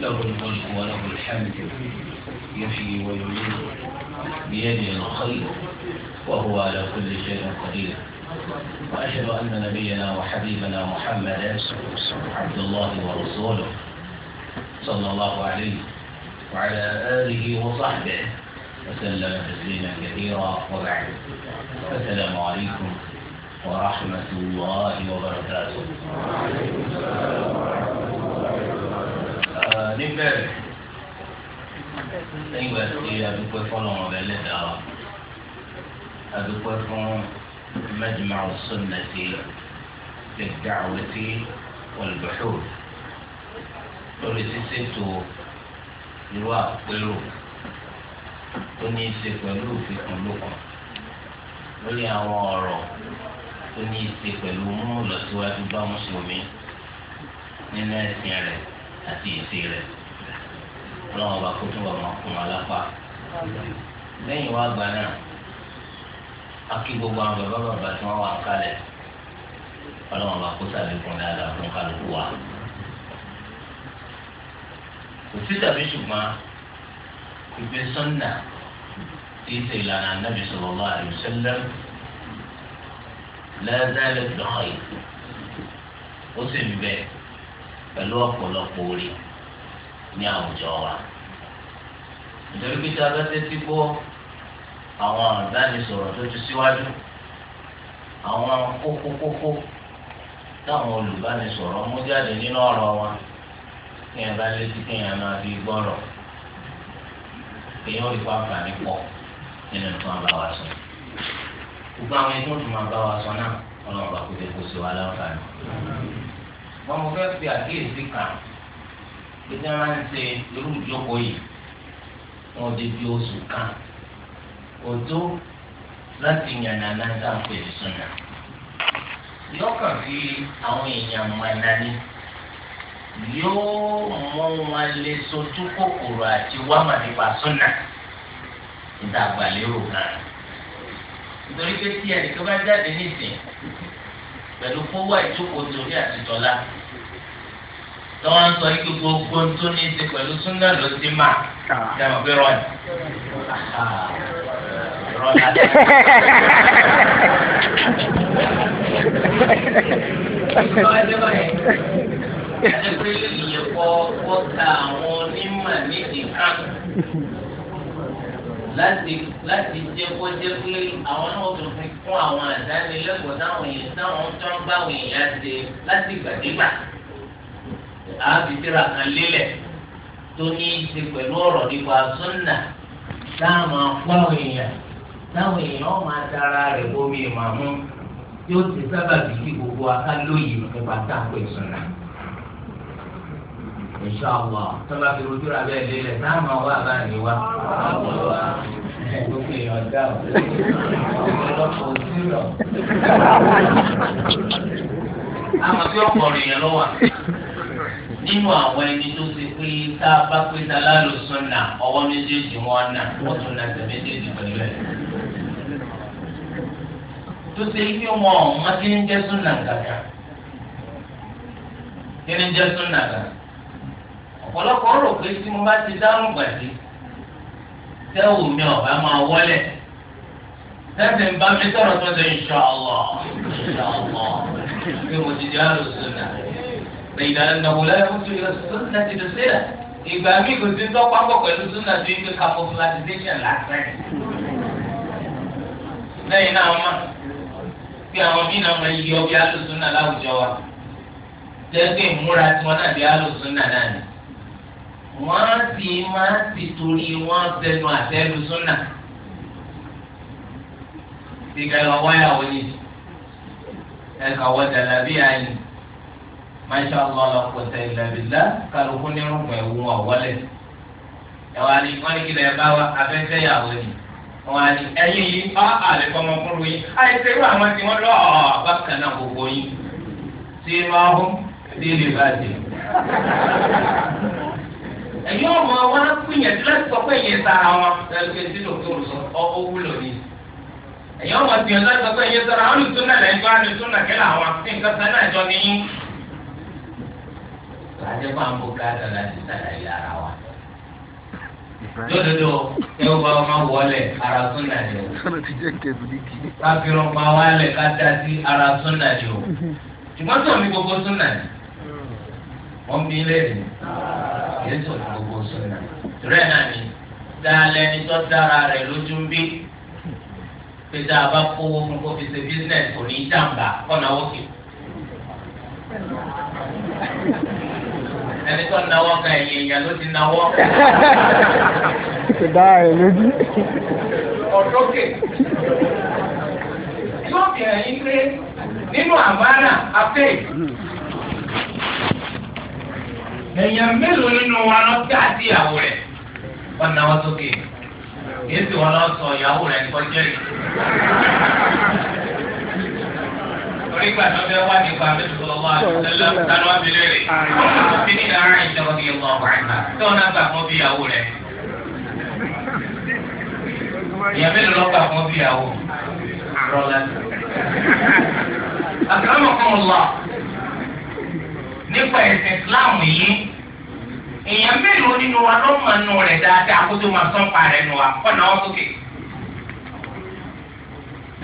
له الملك وله الحمد يحيي ويميت بيده الخير وهو على كل شيء قدير وأشهد أن نبينا وحبيبنا محمدا عبد الله ورسوله صلى الله عليه وعلى آله وصحبه وسلم تسليما كثيرا وبعد السلام عليكم ورحمة الله وبركاته níbẹ̀rẹ̀ lẹ́yìn ìgbà tí adúpẹ́ fọ́nà ọ̀rẹ́ lẹ́dàá wa adúpẹ́ fún mẹ́jìmá sunnati lid-da'wati wal-buhuth lórí ṣíṣètò irú àpérò tó ní í ṣe pẹ̀lú òfin lókun lórí àwọn ọ̀rọ̀ tó ní í ṣe pẹ̀lú mú lọ síwájú bá mùsùlùmí nínú ẹ̀sìn rẹ̀ àti ète rẹ̀ ọlọ́run ọba kó tó wà máa kún wọn lápá lẹ́yìn wá gbà náà a kí gbogbo àwọn bàbá bàbá tí wọ́n wà ń kalẹ̀ ọlọ́run ọba kó sàlékún dáadáa fún kálukú wa kò tàbí ṣùgbọ́n ìgbé sọ́nà tí ṣe ìlànà anábì sallallahu alaihi wasallam la ó sì ń bẹ́ẹ̀. pẹ̀lú ọ̀pọ̀lọpọ̀ orí ní àwùjọ wa. a bá tẹ́tí gbọ́ àwọn àdánisọ̀rọ̀ tó ti síwájú àwọn kókókókó táwọn olùbánisọ̀rọ̀ mú jáde nínú ọ̀rọ̀ wa kí ẹ bá létí kí ẹ máa fi gbọ́rọ̀ èèyàn ìfọ̀ àǹfààní pọ̀ nínú ìfọ̀ àbáwá sọ. gbogbo àwọn máa bá wa sọ náà bá kó sí wa wọn mo fẹ́ fi àkíyèsí kan pé tí wọ́n máa ń ṣe irú ìjókòó yìí wọn ti di oṣù kan òtó láti yànnà náà sáfẹ́ ìsúná yọkàn fi àwọn èèyàn mọ̀nà ni yóò mọ wọn lè sojú kòkòrò àti wàmà nípa súnà níta àgbàlérò kan nítorí pé tí ẹnìkan bá jáde nísìnyí pẹ̀lú fowó ìjókòó torí àtijọ́lá lọ́wọ́ ń sọ ike gbogbo tó ní í ṣe pẹ̀lú súnà ló ti mà dàmọ́ pé rọ́ọ̀nì ẹgbẹ́ ìyẹ̀pọ̀ wọ́ta àwọn onímọ̀ nídìí kan láti láti jẹ kó jẹ pé àwọn náà tó fi kún àwọn àdánilẹ́kọ̀ọ́ táwọn èèyàn táwọn tó ń bá àwọn èèyàn ṣe láti gbàdégbà àbítíra kan lélẹ̀ tó ní í ṣe pẹ̀lú ọ̀rọ̀ nípa súnà táwọn àpáwọn èèyàn táwọn èèyàn máa dára rẹ̀ bómi ìmọ̀ àmú yóò ti sábà bí kí gbogbo akálóyè nípa táwọn èèyàn náà ìṣàwọ tọba fi rojú ra bẹ́ẹ̀ lélẹ̀ náà máa wá bá ní wá lókè ọjà ọlọ́pàá òsínlọ. àmọ́ tí ọ̀pọ̀ èèyàn ló wà nínú àwọn ẹni tó ti pé tá a bá pé tá a lálò sọnà ọwọ́ méjèèjì wọn nà wọn tún nà tẹ méjèèjì pẹ̀lú ẹ tó ṣe ibi wọn ọmọ tí ń jẹ súnà gàgà kí ni jẹ súnà gàgà ọ̀pọ̀lọpọ̀ rò pé tí mo bá ti dáhùn gbàdé tẹ́wò mi ọ̀bá máa wọlé tẹ́sí ń bá mi sọ̀rọ̀ tó ṣe insha Allah insha Allah pé mo ti di àlùsùn náà ìdá ìnáwólá ẹ̀fọ́ tó yọ sọ́dún náà ti dọ̀sẹ̀ rà ìgbà mi kò sí tọ́pọ̀ àpọ̀ pẹ̀lú súnà tó ń gbé capitalization lásán lẹ́yìn náà wọ́n pé àwọn mí náà máa yí ọbẹ̀ àlùsùn náà láwùjọ wa jẹ́ pé ìmúra tiwọn náà di àlùsùn náà náà ni wọ́n sì máa ti torí wọ́n tẹnu àtẹ́lu súnà sìgá ẹ̀ wáyà wọlé ẹ̀ kà wọ́n dàlà bí àyè masha allah la kọta ìlàbílà kálukú ní rúkun ẹ̀wù ọ̀wọ́lẹ̀ ẹ̀ wá ní wọ́n ní kí lè bá wa afẹ́fẹ́ yàwó ni wọ́n á ní ẹ̀yìn yìí á àlẹ́ fọmọkùnrin yìí àìsè irú àwọn tí wọ́n lọ bákan náà gbogbo yìí tí máa hó tí lè bá jẹ. ẹ̀yin ọmọ wa gbìyànjú láti sọ pé ìyẹn sara wọn ẹ̀ẹ́dẹ́gbẹ́ tí ló tó ọ wúlò ni ọmọ pé sara wọn lùtún náà náà àwọn nǹkan náà jọ ní ìpàdé máa ń ara wa lódodo ẹ ara ni o káfíńrọ̀ pa ká dá ara o ṣùgbọ́n mi gbogbo kìí sọ̀rọ̀ gbogbo sunna rẹ̀ náà ni dáalẹ́ ni tó dára rẹ̀ lójú ń bí pé tá a bá kówó fún kó fi ṣe business kò ní í jàǹbá kọ́nà òkè. ẹni tó náwó kan ẹ̀yìn èèyàn ló ti náwó. kò dára rẹ̀ lójú. ọ̀dọ́kè yóò kẹ̀ ẹ́ yín pé nínú àmàlà afẹ́ èèyàn mélòó nínú wa lọ sí àti ìyàwó rẹ̀ wọn náwó sókè èyí sì wọn lọ sọ ìyàwó rẹ̀ nǹkan jẹ́ rẹ̀. torí gbà tó fẹ́ wá nípa mẹ́tò lọ́wọ́ àtúntẹ́lẹ́ tánú abilé rẹ̀ fi ní ara ìjọba kì í lọ ọ̀gbà ìgbà tí wọn náà gbà fún bí ìyàwó rẹ̀. èèyàn mélòó lọ gbà fún bí ìyàwó rọ́lá. àkàrà mọ̀kànlá nípa ẹ̀sìn Islam yìí èèyàn mélòó nínú wa ló mọ nù rẹ̀ dáadáa kó tó máa sọ́npa rẹ̀ nù wa kọ́ náà sókè.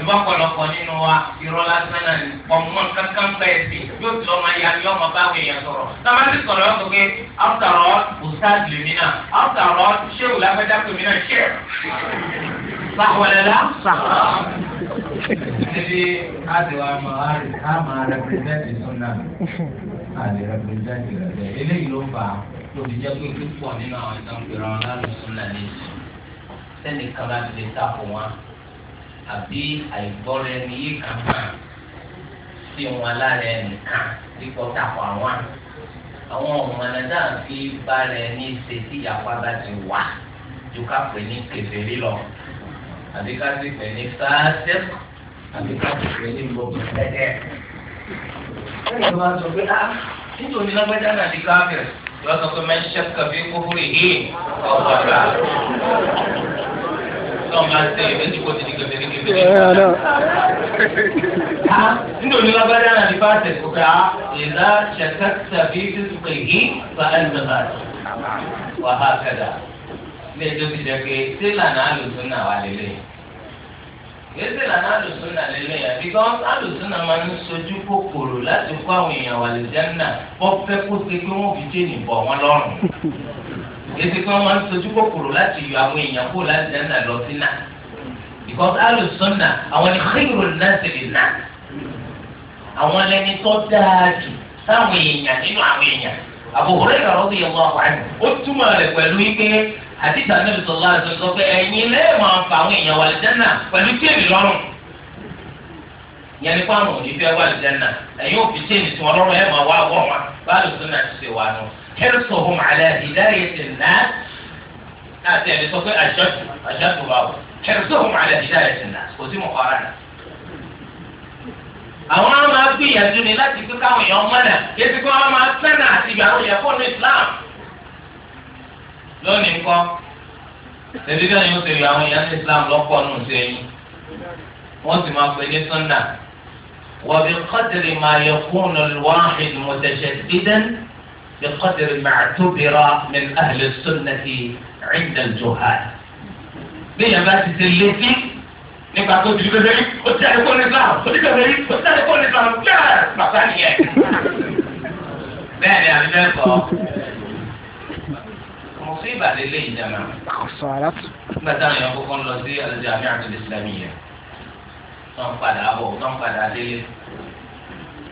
ìbá pọ̀lọpọ̀ nínú wa irọ́ lásán náà ní ọmọ kankan pẹ́ ẹ̀sìn yóò tún ọmọ ya yọ ọmọ báwo èèyàn sọ̀rọ̀. sábà ti sọ̀rọ̀ yọ sọ̀kẹ́ after all ustaz lèmi náà after all ṣéwù lágbájá pèmí náà ṣe. sáwọlẹ́lá. ṣé bí a ti wá máa rẹ̀ ká máa rẹ̀ pẹ̀lú ẹ̀sìn àlè rẹ pé jáde rẹ bẹ́ẹ̀ eléyìí ló fà á ló fi jẹ́ pé púpọ̀ nínú àwọn ìtàn pèrè wọn lálùsùn lálẹ́ sẹ́ni kan láti lè tako wọn àbí àìgbọ́rẹ́ ni yé kan hàn sí wọn alárẹ̀ nìkan dípò tako àwọn àwọn ọ̀mọ̀nà náà fi bá rẹ̀ ní ṣe tí ìyàpá bá ti wà ju ká pè ní kèfèrí lọ àbí ká sì pè ní sáásẹ́ àbí ká sì pè ní gbogbo ẹ̀dẹ́ ẹnìkan máa sọ pé ah nítorí lágbájá náà di káfíà yọ sọ pé máa ń ṣe kàfé kókó èyí ọ̀pọ̀ àgbà náà máa ṣe ìrètí kó ti di kẹfẹ ní kẹfẹ. nítorí lágbájá náà di káfíà kó ká ìlà ṣẹkẹ tàbí títúkọ èyí bá ẹnìkan máa sọ wàhálà kẹdà. ilé ẹjọ́ ti jẹ́ pé sílànà àlùsùn náà wà lélẹ́yìn. gbèsè lànà àlùsùnà lélẹ̀ yẹn because àlùsùnà máa ń sojú kòkòrò láti kó àwọn èèyàn wà lè jẹ́nà wọ́n fẹ́ kó ṣe pé wọ́n fi jẹ́nì bọ̀ wọ́n lọ́rùn gbèsè pé wọ́n máa sojú kòkòrò láti yọ àwọn èèyàn kó láti jẹ́nà lọ sí náà because àwọn ni xírò lè nà àwọn lẹni tó dáa jù sáwọn èèyàn nínú àwọn èèyàn yẹn wọ́n àti ìtànẹ́bí sọ̀rọ̀ láti sọ pé ẹ̀yin lẹ́ẹ̀ máa fa àwọn èèyàn wà lìjánà pẹ̀lú kéèmì lọ́rùn. ìyẹn ní fáwọn òní fẹ́ wà lìjánà ẹ̀yin òfin tí èmi tí wọn lọ́rùn ẹ̀ máa wá wọ̀ wọn báàlù tó náà ti ṣe wà nù. kẹ́rìsọ̀hún àlẹ́ ìdáyé ti nà á àti ẹ̀mí sọ pé àjọtù àjọtù wà wọ̀ kẹ́rìsọ̀hún àlẹ́ ìdáyé ti nà kò sí mọ̀ kọ́ra nà. àwọn á gbìyànjú ni láti fi káwọn èèyàn mọ́nà lónìí kọ́ ẹbí bí wọ́n ti rí àwọn èèyàn ní Islam lọ́pọ̀ nù sẹ́yìn wọ́n sì máa pè ní sunna وبقدر ما يكون الواحد متشددا بقدر ما اعتبر من أهل السنة عند الجهال بيا بس تلتي nípa tó ti gbẹgbẹ rí o ti àdékò ní islam o ti gbẹgbẹ rí o ti àdékò ní islam yẹ́ẹ̀ bàbá nìyẹn. bẹ́ẹ̀ ni àbí bẹ́ẹ̀ sọ mùsùlùmí ìbàlẹ̀ lé ìjàmà. nígbà táwọn èèyàn kọ́kọ́ ń lọ sí al-Jami'a al-Islamiyya tó ń padà bọ̀ tó ń padà délé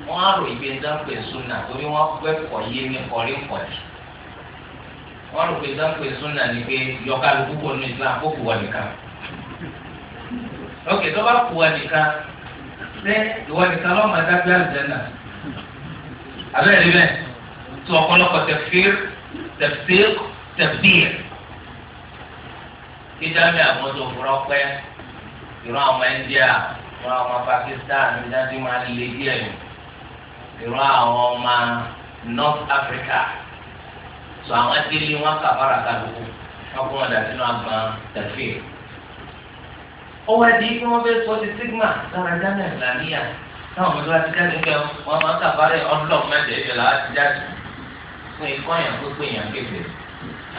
wọ́n á rò ìgbé dáńpé súnà torí wọ́n fẹ́ kọ̀ yé ní kọ̀rí kọ̀dì wọ́n rò pé dáńpé súnà ní pé yọkàlùkù kò ní Islam kó kù nìkan ok tó bá kù nìkan ṣé ìwọ nìkan lọ́ọ́ máa dábẹ́ àlùjẹ́nà abẹ́rẹ́ bẹ́ẹ̀ tó ọ̀pọ̀lọpọ̀ tẹ̀fíìr tẹ̀bíyà kíjà mi àgbọ̀dọ̀ òfurọ́ pẹ́ ìran ọmọ India ìran ọmọ Pakistan níjàdí máa lè díẹ̀ ìran àwọn ọmọ North Africa sọ àwọn délé wọn kàfàrà kàdúgbò wọn kún ọ̀dà sínú àgbọn tẹ̀fíyà ó wá di kí wọ́n fẹ́ sọ ti sigma lára jáde ìlànìyà táwọn ọmọdé wa ti jáde ń bẹ wọn máa kàfàrà ọlọ́ọ̀ mẹ́tẹ̀ẹ́fẹ̀ làwọn ti jáde fún ikọ́ yẹn pé pé yẹn kékeré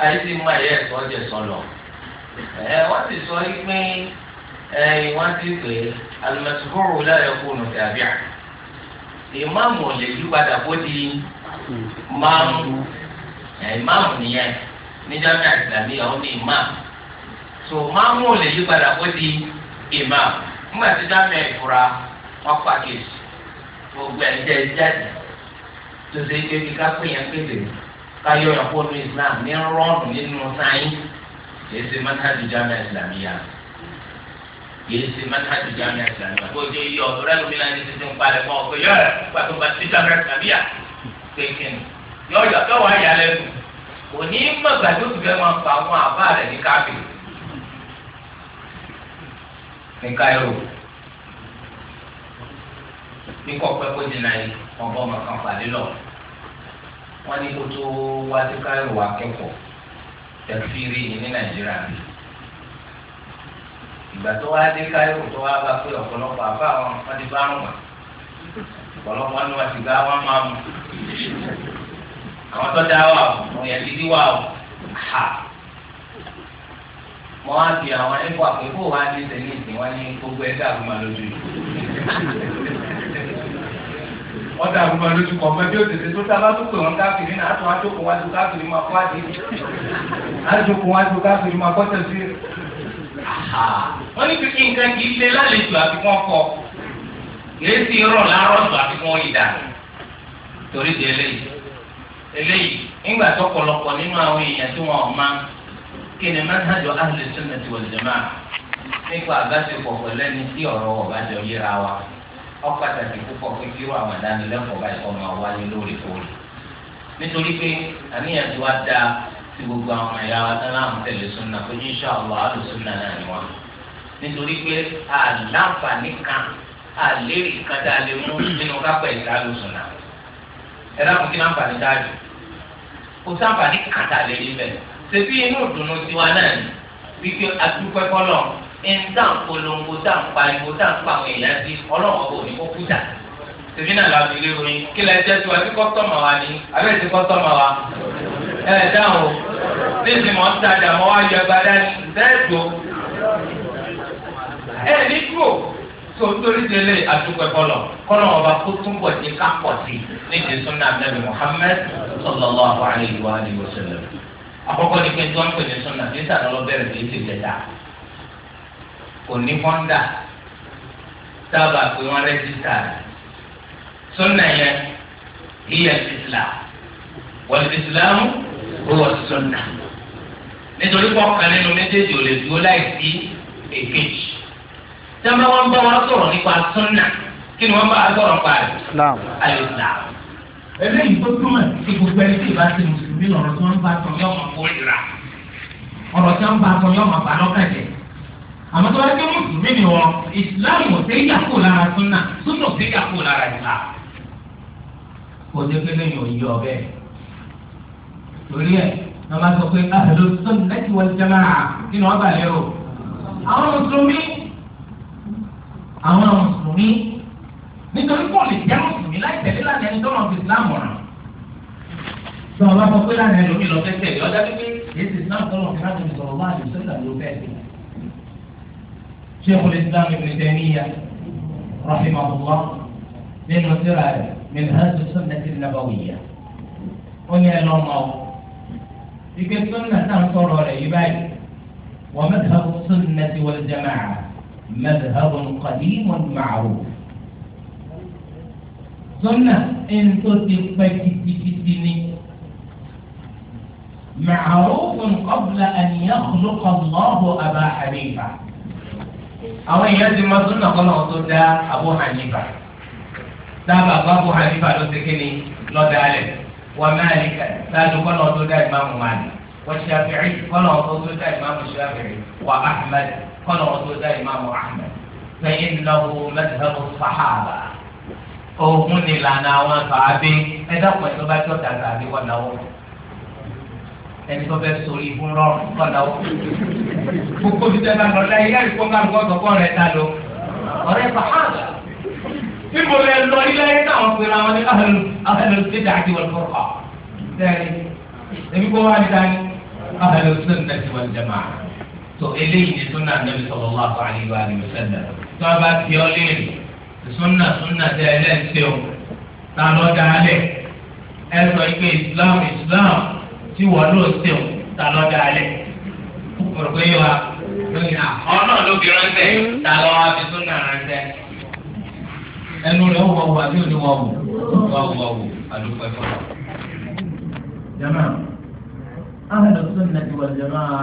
ayé ti máa yẹ ẹ̀sọ́ jẹ sọlọ ẹ wọ́n ti sọ yí pé ẹ wọ́n ti pè é alimẹsibúrò láyọ̀ kùnú tàbí à ìmáàmù lè yí padà kó di máàmù ẹ máàmù nìyẹn níjàmbá ìsìlámì ọ̀hún ní ìmáàmù tó máàmù lè yí padà di ìmáàmù nígbà tí dáná ìfura wọn pàkíyèsí gbogbo ẹ̀ ń jẹ́ jáde tó ṣe é pé kíkà pé yẹn pé bèrè káyọ̀ ẹ̀kọ́ ní islam ni rọ́ọ̀nù nínú sáyìn kìí ṣe mọ́tàdì jámẹ́ ìsìlámíyà kìí ṣe mọ́tàdì jámẹ́ ìsìlámíyà kó jẹ́ iye ọ̀dọ́rẹ́ lómi náà ní títí ń parẹ́ mọ́ ọ̀pẹ yọ̀ ẹ̀ pàtó bá ti jámẹ́ ìsìlámíyà kéèkéè yọ̀ yọ̀ tó wà yà lẹ́nu kò ní mọ̀ gbàdó ti fẹ́ máa fa àwọn àbá rẹ̀ ní káfí ní káyọ̀ ní kọ́pẹ́ kó jìnnà yìí ọ̀bọ̀n mọ̀kàn pàdé lọ́wọ́ wọ́n ní kó tó wá sí káyọ̀ wá kẹ́kọ̀ọ́ tẹ̀síìrì ní nàìjíríà bí. ìgbà tó wá dé káyọ̀ tó wá bá pé ọ̀pọ̀lọpọ̀ àbá àwọn wọn ti bá wọn ọ̀pọ̀lọpọ̀ ni wọ́n ti gbá wọn máa mú. àwọn tó dá wà ó mo yẹ ti dí wà ó ha. mo wá bí àwọn ẹ̀kọ́ àpò ìkó wa ní sẹ́yìn ìsìn wọn ní gbogbo ẹ̀ka àgùnmọ̀ lójú yìí wọ́n dà rúbọ lójú kọ̀ mọ́ bí ó tètè tó sábà tó pè wọ́n káfíìrì náà àtún àjókòó wájú káfíìrì máa kọ́ àdéhìí àjókòó wájú káfíìrì máa kọ́ tẹ̀sí. wọ́n ní pípín nǹkan kì í ṣe lálejò àfikún ọkọ̀ kìí sì rọ̀ láàárọ̀ tó àfikún ìdá torí di eléyìí eléyìí nígbà tó pọ̀lọpọ̀ nínú àwọn èèyàn tí wọ́n máa kí ni manhajo ahlus sunnah wal jamaa ọ̀pàtàkì púpọ̀ pé kí irú àwọn ìdánilẹ́kọ̀ọ́ báyìí kọ́ máa wáyé lóòrèkóòrè nítorí pé àníyàn tí wàá da ti gbogbo àwọn ẹ̀yà wa tán láwọn tẹ̀lé súnà pé insha Allah àlùsúnà náà ni wọn nítorí pé àlàǹfààní kan àlérì kan tá a lè mú nínú kápẹ́ ìta àlùsúnà ẹ dákun kí láǹfààní dájú kò sáǹfààní kan tá a lè rí bẹ́ẹ̀ ṣe inú ìdùnnú tiwa náà ni wípé adúpẹ́ kọ́lọ́ọ̀ nta polongo tá n pariwo tá n pa àwọn èèyàn sí ọlọ́wọ́ bò ní kó kú dà tèmi náà la fi lé orin kí lè jẹ́ tiwa sí kọ́tọ́mà wa ni abẹ́ ti kọ́tọ́mà wa ẹ dáhùn o níbi mọ̀ ń tajà mọ́ wájú ẹgbẹ́ dání dẹ́ẹ̀dọ́ ẹ ní kúrò tó nítorí délé àdúgbò ẹ̀kọ́lọ̀ kọ́nà ọba kó túnbọ̀ ní kápọ̀ sí níbi sunna nabi Muhammad sallallahu alayhi wa sallam àkọ́kọ́ ni pé tí wọ́n ń pè ní sunna bí sàdọ́lọ́ bẹ̀rẹ̀ bí ti jẹ̀dá kò ní kọ́ńdà sábà pé wọ́n rẹ́jísítà rẹ̀ sunna yẹn hiya islam wal islam huwa sunna nítorí kọ́kàn nínú méjèèjì ò lè dúró láì sí èkejì tẹ́lẹ̀ wọ́n bá wọn sọ̀rọ̀ nípa sunna kí ni wọ́n bá sọ̀rọ̀ pa rẹ̀ al-islam. eléyìí tó túmọ̀ sí gbogbo ẹni tí ìbá ti mùsùlùmí lọ́rọ̀ tí wọ́n bá sọ yọ̀ọ̀ ọ̀rọ̀ tí wọ́n bá sọ yọ̀ọ̀ àmọ́ tó bá jẹ́ mùsùlùmí ni wọn Islam ò tẹ́yà kó lára súnà súnà ò tẹ́yà kó lára ìlà. kò jẹ́ pé lẹ́yìn òye ọ̀bẹ torí ẹ̀ ní wọ́n bá sọ pé àlọ́ sọ́nù lẹ́tì wọ́n jẹ́ máa kí ni wọ́n bà lérò. àwọn mùsùlùmí àwọn mùsùlùmí nítorí pọ̀ lè jẹ́ mùsùlùmí láì tẹ̀lé lánàá ẹni tó lọ́ọ́ fi ìsìláàmù rà tí wọn bá sọ pé lánàá ẹlòmíì lọ fẹ́ tẹ̀lé ọjà pípé èsì náà tó lọ́ọ́ fi شيخ الإسلام ابن تيمية رحمه الله من وزراء من هذا السنة النبوية ونيا لونه في السنة تنصر العباد ومذهب السنة والجماعة مذهب قديم معروف سنة إن تثبت معروف قبل أن يخلق الله أبا حنيفة àwọn èèyàn ti máa súnà kọ́nà tó dá Abu Hanifa dábàá bá Abu Hanifa ló ti kéde lọ́dà alẹ̀ wà Málíkà dájú kọ́nà tó dá ìmáàmù Málíkì wà Shafi'i kọ́nà tó dá ìmáàmù Shafi'i wà Ahmad kọ́nà tó dá ìmáàmù Ahmad fẹ́yìn náwó mẹ́tẹ́rù sàhábà òhun ni lànà àwọn sàábé ẹ̀dá pẹ̀lú bá tó dàgbà àbí wọ́n náwó ẹni tó fẹ́ sori fún rọrùn kọ́dà ó. gbogbo mi tẹ́ bá lọ láyé láì kó bá gbọ́ gbọ́ rẹ̀ ta lọ. ọ̀rẹ́ sàhánà bí mo lè lọ ilé ayé táwọn pèrè àwọn ní ahẹ́lú ahẹ́lú ti dà kí wọ́n fọ́ ọ. sẹ́ẹ̀rì ẹbí kó wá dídá ní ahẹ́lú sunna ti wọ́n jẹ́ máa. tó eléyìí ni sunna nabi sallallahu alayhi wa sallam tó tí wọ́n ló ń sèwọ̀n ta lọ da alẹ́ òrùkọ yìí wa lóyún náà ọ̀nà ló fi ránṣẹ́ ta lọ wá fi tún náà ránṣẹ́. ẹnu rẹ̀ wọ̀ wọ̀ àbí òní wọ̀ wọ̀ wọ̀ wọ̀ àdúgbò ẹ̀fọ́. jama ahlu sunnati wal jamaa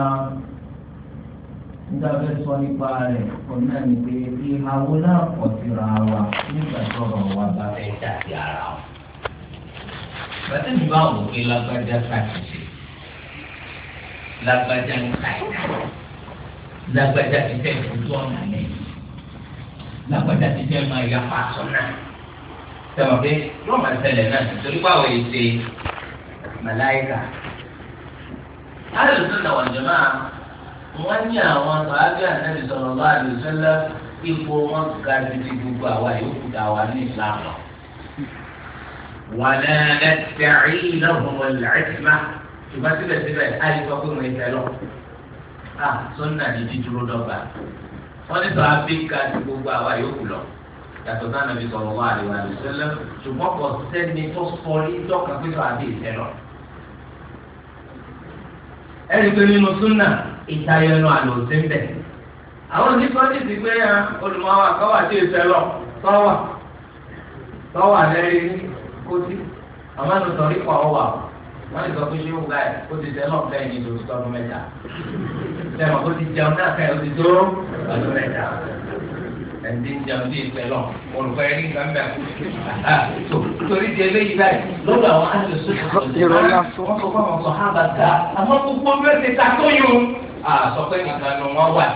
nígbà fẹ́ sọ nípa rẹ̀ kọ́ náà ní pé ìhàwó náà pọ̀ síra wa nígbà tọrọ wa bá fẹ́ dàbí ara wa. bàtẹ́ni bá wò pé lágbájá ṣàṣìṣe lágbájá ń ka ìdá lágbájá ti fẹ́ ìdúró ọ̀nà mi lágbájá ti fẹ́ máa ya pàṣọ náà sọ̀rọ̀ pé yóò máa ṣẹlẹ̀ náà nítorí pé àwọn èsè màláìkà alùpùpù náà wọ̀nyí máa wọ́n ní àwọn sàájú ànábì sọ̀rọ̀ bá àdùsọ́lá ipò wọn ga ju gbogbo àwa yòókù dá wa ní ìlànà wàlẹ́ ẹ̀ẹ́dẹ̀rì lọ́hùn-ún ẹ̀ẹ́dẹ̀rì ìgbà síbẹ̀síbẹ̀ àyè sọ pé mo ń tẹ lọ. a sọ́nà ní dídúró dọ́gba wọ́n ní sọ abíkà ti gbogbo àwa yòókù lọ yàtọ̀ sáà nàbí sọ̀rọ̀ wá àlè wà lùsẹ́lẹ̀ ṣùgbọ́n kò sẹ́ni tó sọ ní dọ́kà pé sọ àbí ìtẹ́ lọ. ẹ̀rí pé nínú súnà ìtayọ̀ ẹnu àlò ṣe ń bẹ̀. àwọn onífọ́nì ti gbé ya ah, olùmọ̀wá kọ́wà tí ìtẹ́ lọ tọ́wà tọ́wà lẹ́rìí kó sí àmọ́ àlùsọ̀rí kọ́ ọ wà o wọ́n lè sọ pé ṣé òun láì ó ti tẹ́lọ̀ bẹ́ẹ̀ ni lórí tọ́dún mẹ́ta lẹ́mọ̀ ó ti jẹun náà fẹ́ ó ti tó ọdún mẹ́ta ẹ̀ǹdí ń jẹun bí ìtẹ́lọ̀ olùkọ́ ẹ̀rí nǹkan bẹ́ẹ̀ kú torí di eléyìí báyìí lọ́dọ̀ àwọn àjọṣe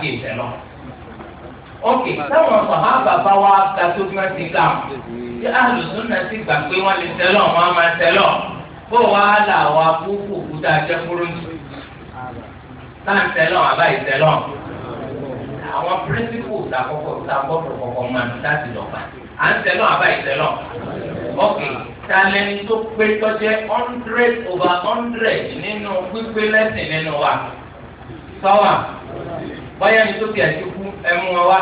wọ́n ok táwọn sàhábà bá wa ta tó fi wọn ti ká àlùsùn náà ti gbà pé wọn lè tẹ́lọ̀ wọn máa tẹ́lọ̀ bó wàá là wà fúfú kúta jẹ́ fúrúǹtì náà tẹ́lọ̀ àbá ìtẹ́lọ̀ àwọn pírísìpù làkọ́kọ́ làkọ́kọ́ kọ̀ọ̀kan máa ń dá sí lọ́ba à ń tẹ́lọ̀ àbá ìtẹ́lọ̀ ok talẹ́ni tó pé tọ́jẹ́ hundred over hundred nínú pípé lẹ́sìn nínú wa sọ́wà bóyá ni tó ti àti kú ẹmu wa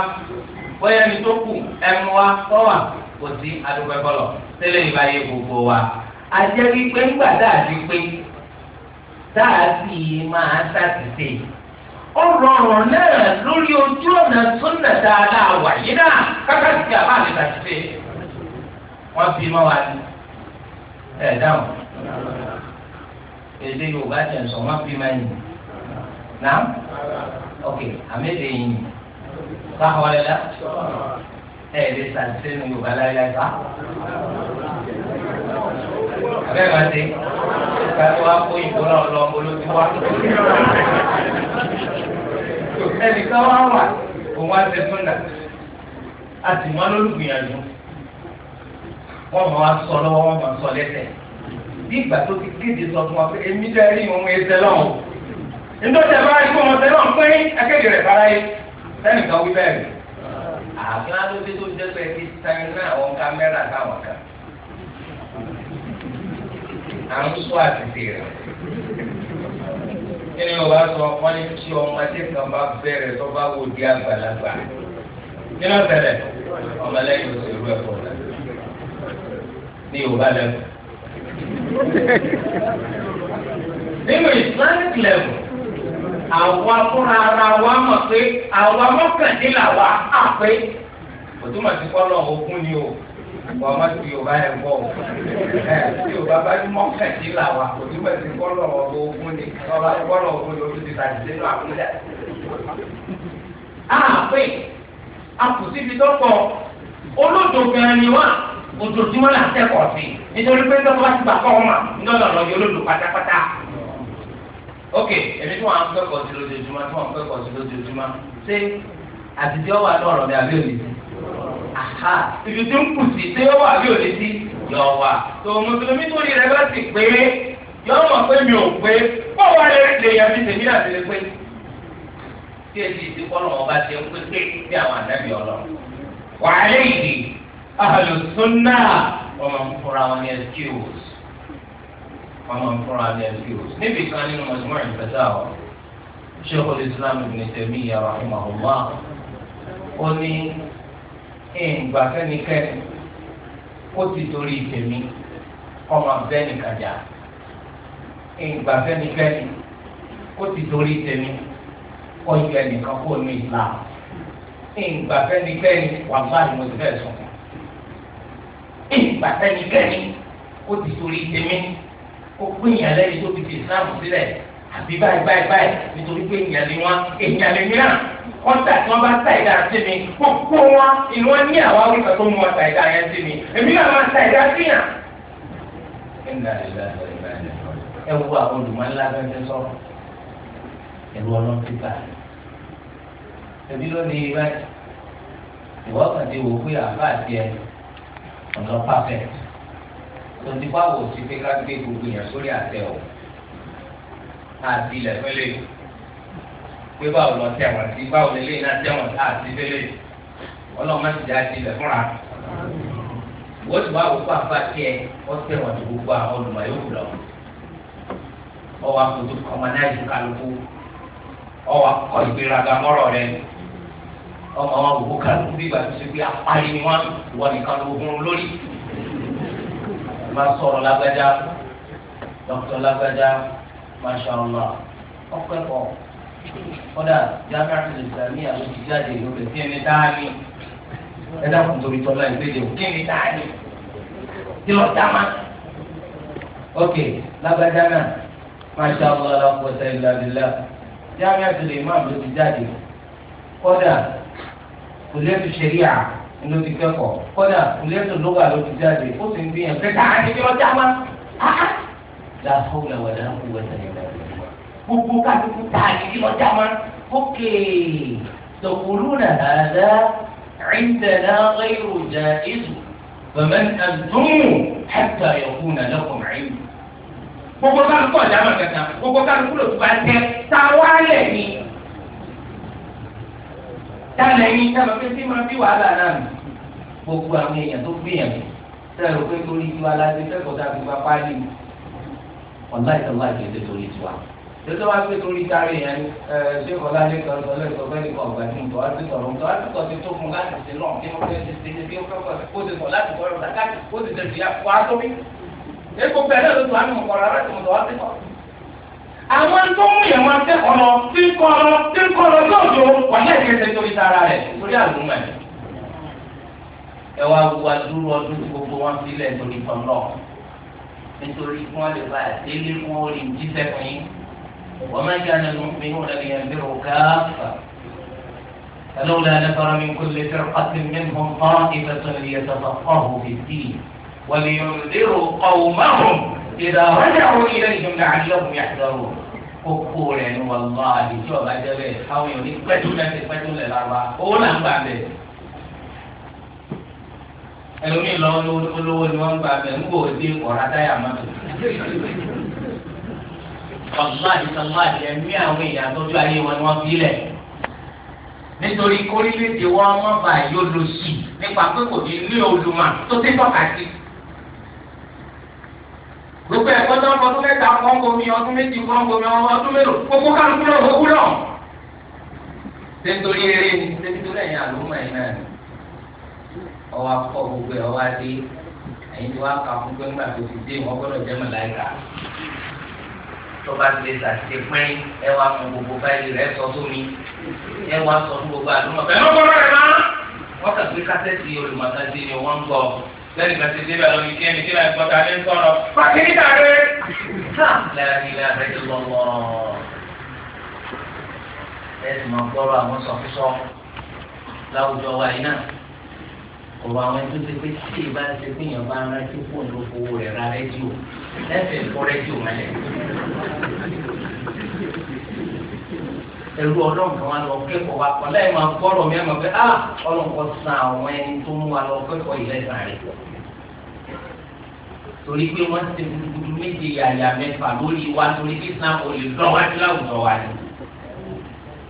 bóyá ni tó kù ẹmu wa sọ́wà kò sí adúgbò ẹ̀kọ́ lọ tẹ́lẹ̀ ìbáyé gbogbo wa àjẹ́ wípé ńgbà dáàbí pé dáàbí máa ṣàtìsí ó rọrùn náà lórí ojú ọ̀nà súnà dáadáa wà yìí náà kákà sí àbá mi ṣàtìsí wọ́n fi mọ́ wa ní ẹ̀ dáhùn èdè Yorùbá tẹ̀ ń sọ wọ́n fi máa ń yìn náà ok àmẹ́lẹ̀ yìí báwo lẹ́la ẹ̀ lè Yorùbá láyé láyé bá bẹ́ẹ̀ máa ṣe ìgbàlú wa kó ìbò náà lọ olóbi wa. ẹnìkan wá wà òun á ṣe fúnnà a sì mọ lólùgbìyànjú wọn máa wá sọ lọ́wọ́ wọn máa sọ lẹ́sẹ̀ bí ìgbà tó ti kéde sọ fún wa pé èmi dẹ́ rí òun ẹsẹ̀ lọ́wọ́ nítorí ẹ̀ bá rí kó wọn sẹ́lọ̀ ń pín akéde rẹ̀ fara yé sẹ́nìkan wí bẹ́ẹ̀ rí. àgbà ló dé tó jẹ́ pé kí sáyẹn náà àwọn kámẹ́rà táwọn kan à ń sọ àtìsí rẹ̀ kí ni ọba sọ wọn ní tí ọmọdé kan bá bẹ̀rẹ̀ tó bá wò di àgbàlagbà kí ni ọ̀sẹ̀lẹ̀ ọmọlẹ́yìn òṣèlú ẹ̀kọ́ náà ní yorùbá lẹ́kọ̀ọ́ nínú islamic level àwa fúnra ara wa mọ̀ pé àwa mọ́kàndínláwa àpé òtún màsí kọ́ lọ́wọ́ ogún ni o wọ́n má tó yorùbá yẹn bọ̀ o yorùbá bá ní mọ́kàntí là wà kò ní bẹ̀ sí kọ́lọ̀ ọ̀gbọ̀n ogun ni ọba kọ́lọ̀ ogun ni oṣù ti tà sí nínú àkúndà. àpè àkùsíbi tó pọ̀ olódò gan ni wá odò tí wọ́n là ń tẹ̀kọ̀ sí nítorí pé tọ́kọ bá ti gbà kọ́ ọmọ ńlọ́lọ́ lọ yọ olódò pátápátá. ok èmi tí wọ́n á kẹ́kọ̀ọ́ sí lójoojúmọ́ tí wọ́n á kẹ́kọ̀ọ́ sí lójoojúmọ́ ṣé àtijọ́ ibi tí ń kù sí ṣé ó wà bí ò lè sí yọ wà tó mùsùlùmí tó rí rẹ bá sì pé yọ mọ̀ pé mi ò pé bọ́wọ́ rẹ lè yàn mí tèmi àti lè pé tí èsì ti kọ́ lọ́wọ́ bá ti ń pé pé bí àwọn ànábì ọ̀lọ́ wàhálẹ́ ìdí ahàlùsọ́nà ọmọ nfúnra wọn ní excuse ọmọ nfúnra wọn ní excuse níbi kan nínú mọ̀júmọ́ ìfẹ́sà ọ̀ Sheikhul Islam Ibn Taymiyyah rahimahullah ó ní ìgbà fẹ́nikẹ́ni ó ti torí tèmi ọmọ abẹ́ni kàjà ìgbà fẹ́nikẹ́ni ó ti torí tèmi ọjọ́ ẹnìkan kó ní Islam ìgbà fẹ́nikẹ́ni wàhálà ìmọ̀ ìfẹ́ sùn ìgbà fẹ́nikẹ́ni ó ti torí tèmi ó pín ìyàlẹ́ yìí tó fi ti Islam sílẹ̀ àbí báyìí báyìí báyìí nítorí pé ìyàlẹ́ wọn ìyàlẹ́ mìíràn ọ̀tá tí wọ́n bá ta ìdá sí mi gbogbo wọn ìlú wọn ní àwọn awíkà tó mú ọ̀tá ìdá yẹn sí mi èmi náà máa ta ìdá sí yàn. ẹ wo àwọn olùmọ̀lá fẹ́ẹ́ sọ̀rọ̀ ẹ̀rù ọlọ́run ti bá ẹbí ló ní ibà ìwọ kan ti wò pé àbá àti ẹ ọ̀nà pàfẹ́ tó ti bá wò sí pé ká gbé gbogbo yẹn sórí àtẹ ò àti ilẹ̀ fẹ́lẹ́ yìí pé báwo lọ tẹ̀wọ̀n sí báwo lè léyìn náà tẹ̀wọ̀n tá àti lélẹ̀ ọlọ́run má ti dá sí ibẹ̀ fúnra wọ́n ti wá òkú àfa tiẹ̀ ọ́ tẹ̀wọ̀n tó gbogbo àwọn olùmọ̀ yóò wù lọ ọwọ́ àkótó ọmọ náà yìí kálukú ọwọ́ akọ ìgbéraga mọ́rọ̀ rẹ ọmọ wọn òkú kálukú bí ìgbà tó ṣe pé apáyé ni wọn wọ nìkan ló gún un lórí má sọ̀rọ̀ lágbájá dókítà lágbájá masha Allah ọ̀pẹ̀pọ̀ kọ́dà jáfẹ́ àtúnṣe ìsàmì àwọn ìjáde ìlú rẹ̀ sí ẹni dáhàmì ẹ̀dá kùn torí tọ́lá ìgbéde òkè ni dáhàmì kí lọ dáma. ok lágbájá náà masha allah alakosa ilalila jáfẹ́ àtúnṣe ìmáàmù ló ti jáde kọ́dà kò lẹ́tù ṣẹ̀ríà ló ti kẹ́kọ̀ọ́ kọ́dà kò lẹ́tù lóga ló ti jáde ó sì ń gbìyànjú pé dáhàmì kí lọ dáma. Ah, ah. la hawla wala quwwata illa billah تقولون هذا عندنا غير جائز فمن انتم حتى يكون لكم علم كوكو كاكو تاما كتا كوكو كاكو لو تبعت تاوالي تاوالي تاما بنتي ما في ولا نام كوكو امي انتم بيامي تاوالي كوكو لي ولا تاوالي كوكو تاوالي والله الله يجزي تولي tètè wá pé torí dárí yẹn ṣé ọlá lè kọ ọlọ́ọ̀lẹ́ ìgbọ́fẹ́ ní kọ ọ̀gbà ní ìgbọ́ àti sọ̀rọ̀ nǹkan àti kọ́ ti tó fún láti ṣe náà kí wọ́n fẹ́ ti ṣe kí wọ́n fẹ́ kọ́ ti kó ti kọ́ láti kọ́ ọ̀rọ̀ láti kó ti tẹ̀sí àpò àtọ́mí. èkó bẹ̀rẹ̀ ló tó wà ní mọ̀kọ́ rárá tó mọ̀tọ́ wá sí àwọn tó mú yẹn wọn tẹ kọ́ ọ̀nà tí kọ́ ọ̀nà tí gbogbo wọn fi lẹ̀ torí kí wọ́n وما كان المؤمنون لينذروا كافة فلولا نفر من كل فرقة منهم طائفة ليتفقهوا في الدين ولينذروا قومهم إذا رجعوا إليهم لعلهم يحذرون كفور والله شو ما جابت حاولوا يكبتوا لك يكبتوا لك الأربعة أولا بعد ذلك ألومي الله لولو الوان بعد ذلك نقول دي ورادة يا مبتل wàláhì sàláhì ẹ̀mí àwọn èèyàn tọ́jú ayé wọn ni wọ́n fi lẹ̀. nítorí kórìlédè wọn má bà yóò lọ sí nípa pé kò ní ní olùmọ̀ tó ti tọ́ka sí. gbogbo ẹ̀kọ́ tó ń bọ̀ tó mẹ́ta kọ́ńgò mi ọdún méjì kọ́ńgò mi ọdún mélòó gbogbo kálukú náà gbogbo náà. nítorí eré ni nítorí ẹ̀yìn àlùmọ̀ ẹ̀yìn náà ọwọ́ akọ́ gbogbo ẹ̀ ọwọ́ adé ẹ̀yìn tí wọ́n á kà fún pé ńgbà tó ti dé wọn gbọ́dọ̀ jẹ́ mọ̀láìkà tó bá ti lè ṣàṣìṣe pín ẹ wá mú gbogbo báyìí rẹ sọ sómi ẹ wá sọ fún gbogbo àdúgbò ẹ lọ́kọ́ rẹ̀ má. wọ́n kà pé kásẹ̀tì olùmọ̀tàdé ni wọ́n ń gbọ́ lẹ́yìn mẹ́tẹ́ débẹ̀ lórí kí ẹni kí láì gbọ́ta ní sọ̀rọ̀ pàkínní tààrẹ. láàrin ilé rẹ̀ lọ́wọ́ ẹ sì máa gbọ́rọ̀ àwọn sọ̀fíṣọ́ láwùjọ wa yìí náà ọ̀rọ̀ àwọn ẹni tó ṣe pé tí ìbá ṣe pé èèyàn bá rántí fóònù ló fowó rẹ̀ ra rẹ́díò lẹ́sẹ̀ fọ́ rẹ́díò mọ́lẹ̀. ẹ̀rù ọlọ́run kan wá lọ kẹ́kọ̀ọ́ wa kọ́ lẹ́yìn máa gbọ́rọ̀ mi àmọ́ pé á ah, ọlọ́run kan san àwọn ẹni tó mú wa lọ kẹ́kọ̀ọ́ ìlẹ́sàn rẹ̀. torí pé wọ́n ti gbúdúgbúdú méje yàyà mẹ́fà lórí wa torí pé sinapò lè lọ́wọ́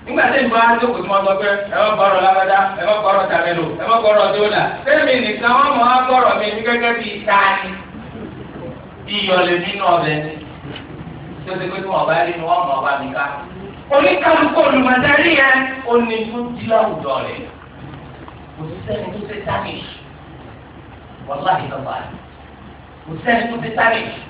nígbà tí ìlú wa jókòó tí wọn sọ pé ẹ má gbọ́rọ̀ lágbádá ẹ má gbọ́rọ̀ tàmílò ẹ má gbọ́rọ̀ dóòlà fẹmi nìkan wọn mọ agbọrọ mi ní gẹ́gẹ́ bíi tani ìyọlẹ nínú ọbẹ̀ ni tó ti pé kí wọn bá rí ni wọn mọ ọba mi ká oníkálukú olùmọdarí yẹn ó ní fún díláwùjọ rẹ kò sí sẹ́ni tó ṣe tánìṣì wàláhìí kò sẹ́ni tó ṣe tánìṣì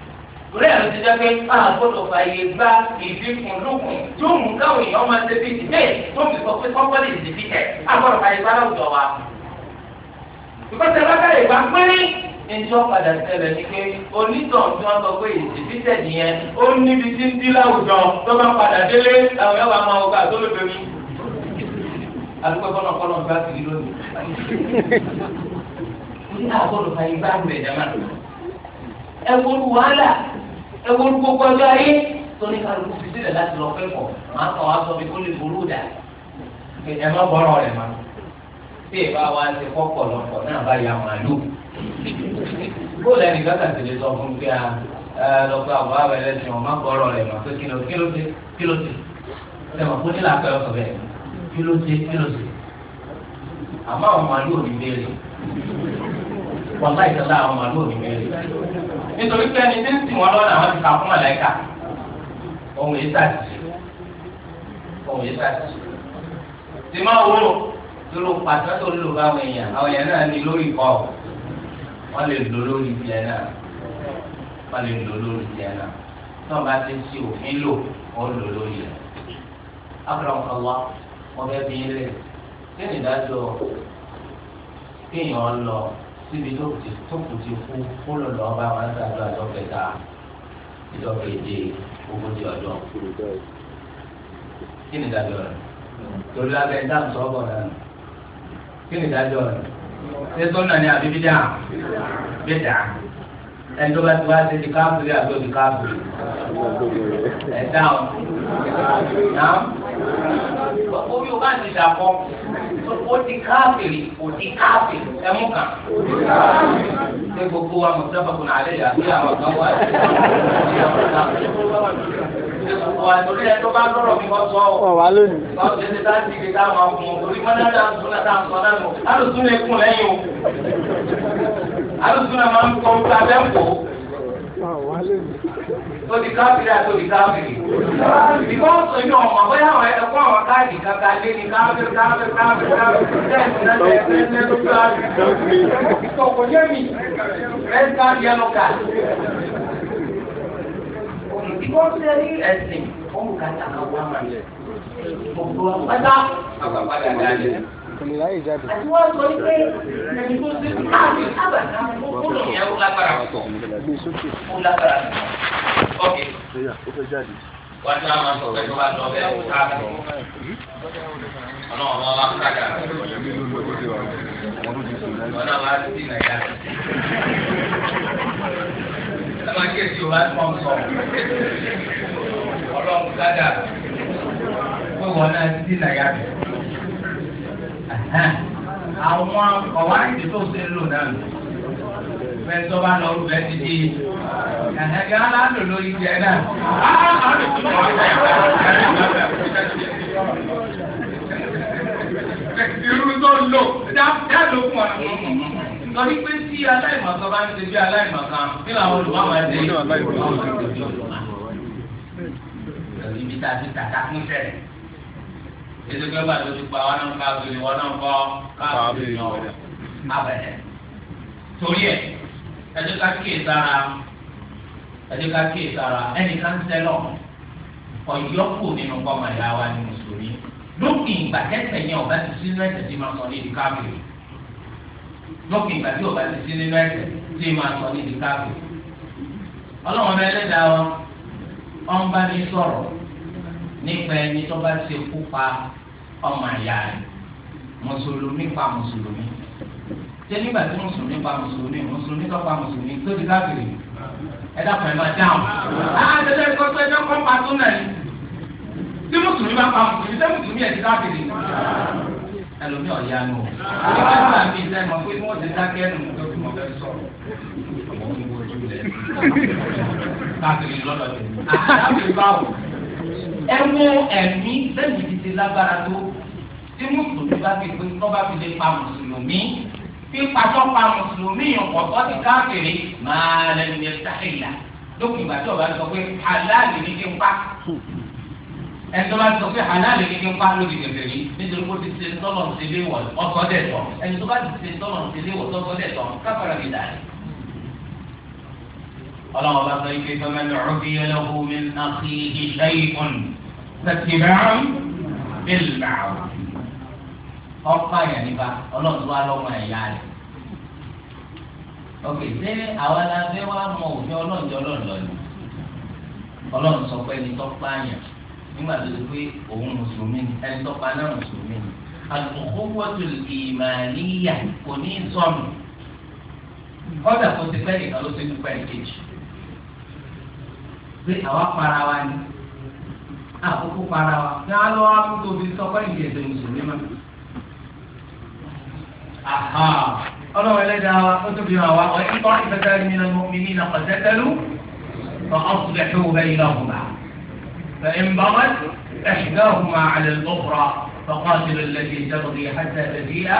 rẹ̀ ló ti jẹ́ pé a gbọ́dọ̀ fààyè gba ìfífún lókun tó mú káwọn èèyàn máa ṣe bí ìdílé tó fi sọ pé kọ́kọ́lì ìdílé tẹ̀ a gbọ́dọ̀ fààyè gba láwùjọ wa. ìpàtẹ lágbàáyé gba péré ẹjọ́ padà ṣẹlẹ̀ ni pé onítàn tí wọ́n sọ pé ìdílé nìyẹn ó níbi tí ń dí láwùjọ tó bá padà délé àwọn ẹwà máa wọ gbà tó ló bẹ mí. àdúgbò kọ́nàkọ́nà gbá kiri lónìí ẹwọ́rú wàhálà ẹwọ́rú gbogbo ọjọ́ ayé torí kálukú fi sílẹ̀ láti lọ fẹ́ kọ̀ máa kàn wá sọ mi kó lè ború dà ẹ má bọ́rọ̀ rẹ̀ má tí ìbá wa ti kọ́kọ̀ lọ́kọ̀ náà bá ya màálù bóòlù ẹnì kan kàtí lè sọ fún mi pé lọ́kọ̀ àwọn àwọn ẹlẹ́sìn ọ̀ má bọ́rọ̀ rẹ̀ má pé kí ló ti kí ló ti ẹ̀mọ̀ fún nílà pẹ́ ọ̀sọ̀ bẹ́ẹ̀ ní bẹ́ẹ̀ wọn láì tẹ̀lé àwọn màlúù ní mẹ́rin. nítorí pé ẹni tí ń sìn wọn lọ́nà àwọn ti kà fún màláìka ohun yìí sàtì ohun yìí sàtì. tí máa wúlò lórí pàtó tó lò báwọn èèyàn àwọn èèyàn náà ní lórí kọ́ wọ́n lè lò lórí tiẹ̀ náà wọ́n lè lò lórí tiẹ̀ náà tí wọ́n bá ti ń ṣe òfin lò wọ́n lò lórí rẹ̀. akọ̀rọ̀ ọ̀wá wọ́n fẹ́ bí ilé kí ni ìdájọ́ kéèyàn lọ síbi tó ti tó kù ti kú kó ló lọ bá wọn ṣàdúrà lọ́kẹta ìjọkèje ogójì ọjọ́. kí ni ìdájọ́ rẹ̀? torí lábẹ́ dáhùn sọ́kọ̀ náà kí ni ìdájọ́ rẹ̀? ṣé sọ́nà ni àbí bídà? bídà ẹni tó bá ti wá ṣe ti káàpùlì àbí òbí káàpùlì ẹ̀ dáhùn. náà omi ò bá ti dà kọ́ tó o ti káàpìrì o ti káàpìrì ẹ mú kàn. ṣé gbogbo wa mùsùlùmí kùnà àlẹ́ yà bí àwọn kan wà ní àwọn kan. ṣé gbogbo wa torí ẹ tó bá lọ́rọ̀ mi wọ́n sọ. ọ̀ wá lónìí. wọ́n ti ṣe láti ṣe ká máa kún un torí mọ́nà dá sùn náà dáhùn sọ́dá nù. alùsùn lè kún lẹ́yìn o. alùsùn náà máa ń kọ́ o Odi káfíìrì àti odi káfíìrì. Bíkọ́sì èmi ọ̀mọ̀ bóyá àwọn ẹ̀kọ́ àwọn káàdì kankan lé ní káfíìrì káfíìrì káfíìrì káfíìrì tẹ̀sí náà tẹ̀sí náà tó káfíìrì. Ìkọ̀kọ̀ yé mi, red card yellow card. Bíkọ́sì ẹni ẹ̀sìn, ó mú kàtà àwọn àmàlẹ̀. Gbogbo àpáta àpapàdà dáadé kò lè ráyè jáde. àti wọ́n sọ pé ẹni tó ṣe káàdì àbàtà kókòrò yẹn ó lágbára pọ̀ ó lágbára pọ̀ ok. ó fẹ́ jáde. wọ́n ti máa sọ pé tó bá lọ bẹ́ẹ̀ ó ká lọ. ọ̀nà ọ̀nà ọ̀nà kájà. ọ̀nà wa ti nàìjíríà. ẹ máa kí èsì wa pọ̀ sọ ọlọ́run kájà pé wọ́n náà ti nàìjíríà àwọn ọ̀wá ìdí tó ṣe ń lò náà lò bẹ́ẹ̀ tó bá lọ rúbẹ́ ti di ẹ̀ẹ́dẹ́gbẹ́ aláàlú lórí jẹ náà. irú tó lò dá ló pọ̀ nítorí pé tí aláìmọ̀kan bá ń ṣe bí aláìmọ̀kan kí làwọn olùwà máa ṣe. ibi tá a ti tàkà fún sẹ́yìn ètò ìgbàgbà tó ti gba wọn náà káàkiri wọn náà bọ káàkiri náà abẹ́rẹ́ torí ẹ̀ ẹjọ́ ká kíyè sára ẹjọ́ ká kíyè sára ẹnì kan sẹ́lọ̀ ọ̀yọ́kù nínú kọ́mọ ìyá wa ní mùsùlùmí lókè ìgbà tẹ́sẹ̀ yẹn ọba ti sí nínú ẹ̀sẹ̀ tí máa sọ ní ìdí káàkiri lókè ìgbà tí ọba ti sí nínú ẹ̀sẹ̀ tí máa sọ ní ìdí káàkiri ọlọ́wọ́n bẹ ẹlẹ́dàá wọn ọ̀n bá mi sọ̀rọ̀ nípa ẹni tó bá ṣe kú pa ọmọ ìyá rẹ̀ mùsùlùmí pa mùsùlùmí ṣé nígbà tí mùsùlùmí pa mùsùlùmí mùsùlùmí tó pa mùsùlùmí tó di káfíìrì ẹ dákun ẹ máa dáhùn. àá tẹ́tẹ́ ẹ̀kọ́ tó ẹjọ́ kọ́ pa tó náà yìí tí mùsùlùmí bá pa mùsùlùmí ṣé mùsùlùmí ẹ̀ ti káfíìrì ẹlòmí ọ̀ya nù. Ìgbà tí wàá mi sẹ́nu pé wọ́n ti dákẹ́ nù tó fi mọ̀ fẹ́ sọ̀rọ̀. Àwọn ìwé ojú rẹ̀ káàkiri lọ́dọ̀ tí mùsùlùmí bá fi pé tó bá fi lè pa mùsùlùmí pípa tó pa mùsùlùmí ọ̀pọ̀ ti káfìrí máa lẹnu ní sáhìlà lókùn ìgbà tó o bá sọ pé halal ní kí n pa ẹni tó bá sọ pé halal ní kí n pa lórí kẹfẹ yìí nítorí kó ti ṣe tọ́lọ̀ ń tẹ̀lé wọ̀ ọkọ̀ dẹ̀ tọ̀ ẹni tó bá ti ṣe tọ́lọ̀ ń tẹ̀lé wọ̀ ọkọ̀ dẹ̀ tọ̀ káfàrà mi dà ọlọ́wọ́ bá sọ ike fẹ́mi lọ́rọ́ bí ọ̀pá yẹn nípa ọlọ́run wá lọ́mọ ẹ̀yà rẹ̀. ok ṣé àwọn alábẹ́ wa mọ òfin ọlọ́run jọ ọlọ́run lọ ni ọlọ́run sọ pé ẹni tọ́pá yẹn nígbà tó ti pé òun mùsùlùmí ni ẹni tọ́pá náà mùsùlùmí ni àtùkúwọ́tò ìmàlíyà kò ní sọnù kọ́dà kò ti pẹ́ nìkan ló ti kú pẹ́ kejì pé àwa para wa ni àkókò para wa ní alọ́ wa kó sọ pé ìdí ẹ̀sẹ̀ mùsùlùmí máa. أها قالوا wa ó وإن wà من المؤمنين قتتلوا فأصلحوا بينهما فإن بغت إحداهما على الأخرى فقاتل التي تبغي حتى تجيء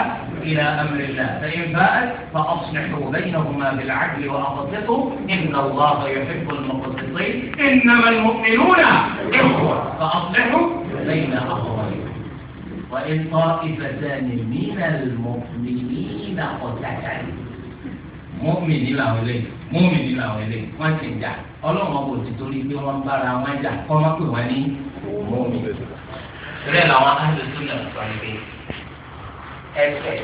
إلى أمر الله فإن باءت فأصلحوا بينهما بالعدل وأقسطوا إن الله يحب المقسطين إنما المؤمنون إخوة فأصلحوا بين أخوة وإن طائفتان من المؤمنين اقتتلوا mọ́mìnì làwọn eléyìí mọ́mìnì làwọn eléyìí wọ́n ti jà ọlọ́run ọ̀bọ̀ ti torí pé wọ́n bára wọn jà kọ́ má pè wọ́n ní mọ́mìnì. ìrẹ́ làwọn aṣojú náà sọ pé ẹsẹ̀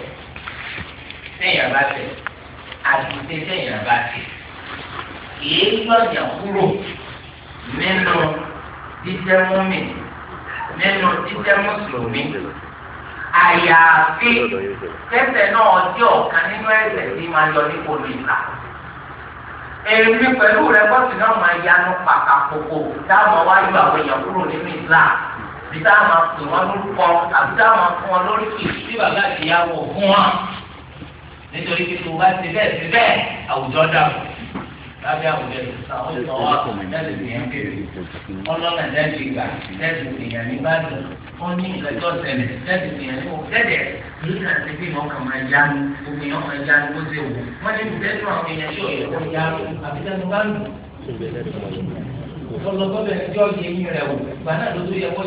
téèyàn bá tẹ̀ àtúnṣe téèyàn kì í gbọ́dọ̀ kúrò nínú jíjẹ́ mọ́mìnì nínú jíjẹ́ mùsùlùmí àyàfi tẹ́sẹ̀ náà jẹ́ ọ̀kan nínú ẹ̀ṣẹ̀ tí máa yọ ní polo ìlà. èmi pẹ̀lú rẹ bọ́sì náà máa yanu pàkàkókò táwọn wá yọ àwọn èèyàn kúrò nínú ìlà bí táwọn pè wọ́n lórúkọ àbí táwọn fún wọn lórí kì í sí bàbá ìyàwó fún wọn. nítorí pé tó bá ti bẹ́ẹ̀ ti bẹ́ẹ̀ àwùjọ dàrú lábẹ́ àwùjọ ìsúná ó sọ wá láti fi hàn kéde ọlọ́nà láti gbà láti fi hàn ní bàdàn ó ní ìgbẹ́jọ́ sẹ̀lẹ̀ láti fi hàn ní òkèdè yìí náà ti fi ọkàn máa yá ní omi ọkàn yá ní ó ṣe wò wọ́n ní ìgbẹ́jọ́ nínú àwọn èèyàn tí òye kò yá ní àbílẹ́nu bá lù. ọlọ́gọ́bẹ̀ ẹjọ́ yẹ yín rẹ̀ wò náà ló tó yẹ kó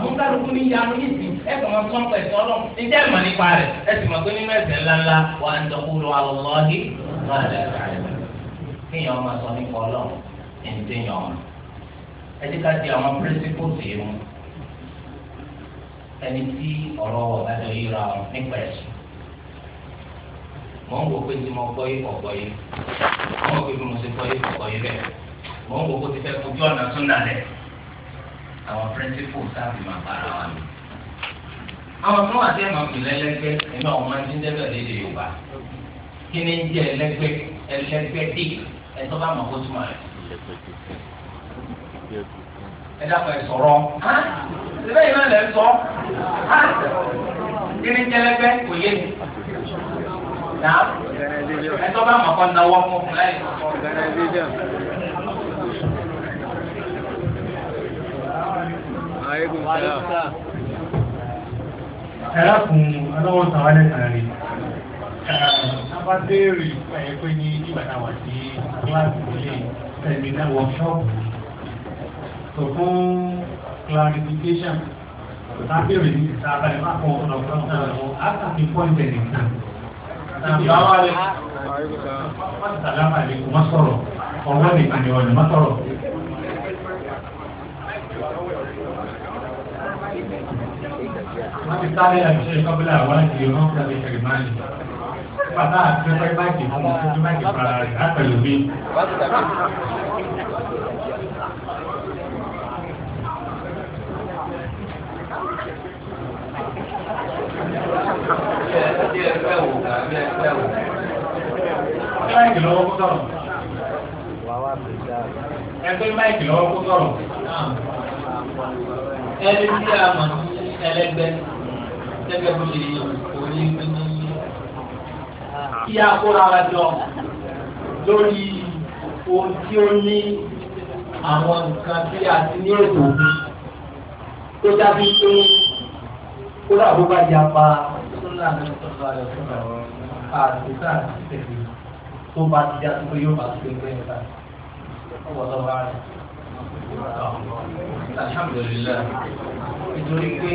àwọn kálukú ní yá ní ìsìn ẹ kàn máa sọ́n pẹ̀sẹ̀ ọlọ́run ìjẹ́ ìmọ̀ nípa rẹ̀ ẹ sì mọ̀ pé nínú ẹ̀sẹ̀ ńláńlá wà á ń dọ̀kúrò àlọ́ kéèyàn máa sọ nípa ọlọ́run ẹni téèyàn ọmọ ẹtí ká di àwọn pírísípùsì yìí mu ẹni tí ọ̀rọ̀ wọ̀ bàtà yìí ra ọ nípa ẹ̀sùn mọ̀ ń wò pé tí mo gbọ́ yìí kọ̀ọ̀kọ̀ yìí mọ̀ ń wò pé bí mo ṣe gbọ́ yìí kọ̀ọ̀kọ̀ yìí bẹ́ẹ̀ mọ̀ ń wò pé ti fẹ́ kojú ọ̀nà tún nà lẹ̀ àwọn pírísípùsì àti máa bára wa mi. àwọn kan wà sí máa fi lẹ́lẹ́gbẹ́ ẹ̀mí àwọn máa ń dín dẹ́gbẹ̀ẹ́ lédè Yorùbá kí ni ń jẹ́ ẹlẹ́gbẹ́ ẹlẹ́gbẹ́ dìgbà ẹ̀tọ́ bá mọ̀ kó túmọ̀ rẹ̀. ẹ dákun ẹ sọ̀rọ̀ ṣẹlẹ̀ yìí náà lẹ sọ kiri jẹlẹgbẹ kò yé mi náà ẹ̀tọ́ bá mọ̀ kó náwó fún un láyé. Ẹ dákun ọlọ́wọ́ sàwálẹ̀ sàrẹ̀ bá béèrè fún ẹ pé ní ìgbà náà wà sí kíláàsì ilé seminar workshop tó fún clarification ta béèrè ní ìsàbà ẹ̀ má kọ́ ọ̀nà ọ̀gbọ́n náà lọ àtàkì pọ́ǹtẹ̀ nìkan. Nàbàwá lè má sàlámà lè kó má sọ̀rọ̀ ọwọ́ nìkan ni ọ̀nà má sọ̀rọ̀. Wọ́n ti sáré àti ṣe kọ́bílà wá di ọ̀nà ọ̀gbọ́n tàbí kẹrìmáàlì bàbá àti ẹgbẹ́ báàgì fún un báàgì fún ara rẹ̀ látẹ̀lú mi. Máìkì lọ́wọ́ kó sọ̀rọ̀. Ẹgbẹ́ máìkì lọ́wọ́ kó sọ̀rọ̀. Ẹni tí a mọ̀ sí ẹlẹgbẹ́, ẹgbẹ́ bó ṣe yẹ òní pé kí a kóra wa jọ lórí ohun tí ó ní àwọn nǹkan tí a ti ní ètò òbí tó dábí pé ó dàbó bá yapa sọ́nà àdéhùn àdéhùn àdéhùn tó bá ti dá sí pé yóò bá ti gbé nípa ọwọ́ lọ́wọ́ rẹ̀. Alhamdulillah nítorí pé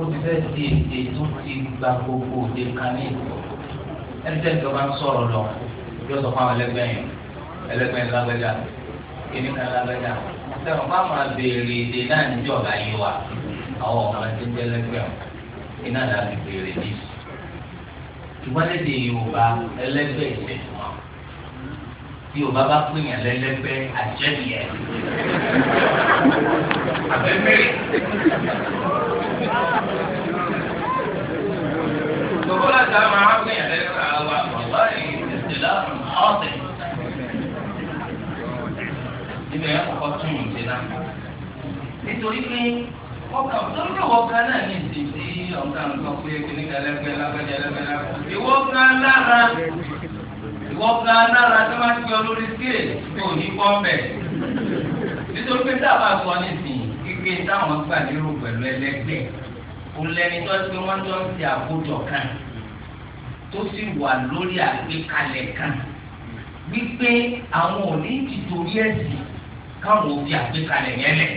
ó ti fẹ́ di èdè tó ti gba gbogbo òde kan ní ìlú ẹni tẹ́ ní tó bá ń sọ̀rọ̀ lọ yóò sọ fún àwọn ẹlẹgbẹ́ yẹn ẹlẹgbẹ́ yẹn lágbẹ́dá kíní kan lágbẹ́dá sẹ́wọ̀n fún àwọn abèrè èdè náà níjọba yìí wa àwọn ọ̀kan ti ń jẹ́lẹ́gbẹ́ ọ̀ iná náà ti bèrè ní. ṣùgbọ́n Yorùbá ẹlẹgbẹ́ ìṣẹ̀ Yorùbá bá pè yàn lẹ́lẹ́gbẹ́ àjẹnìyẹ abẹ́mẹ́rẹ́ gbogbo láti àwọn arábìnrin yẹn lẹ́yìn náà wà wà ìdílé ọ̀sẹ̀. ilẹ̀ yẹn kọ́kọ́ tún un ṣe náà. nítorí pé ọkà lórí ọkà náà ní ìdìbò tí ọkà ń sọ pé kí ní kẹlẹ́gbẹ́ lágbẹ́jẹ́ lẹ́gbẹ́ lágbẹ́jẹ́. ìwọ kan lára ìwọ kan lára tí wọ́n ti gbé olórí sílẹ̀ tó ní pọ́ńbẹ̀. nítorí pé dábàá sọ ní ìsìn kíkẹ́ táwọn gbà nírò pẹ̀lú ẹlẹ́gbẹ́ òǹlẹ́ni tó ń pè wọ́n jọ ń ṣe àkójọ kan tó sì wà lórí àgbékalẹ̀ kan wípé àwọn òní ti torí ẹ̀sìn káwọn òbí àgbékalẹ̀ yẹn lẹ̀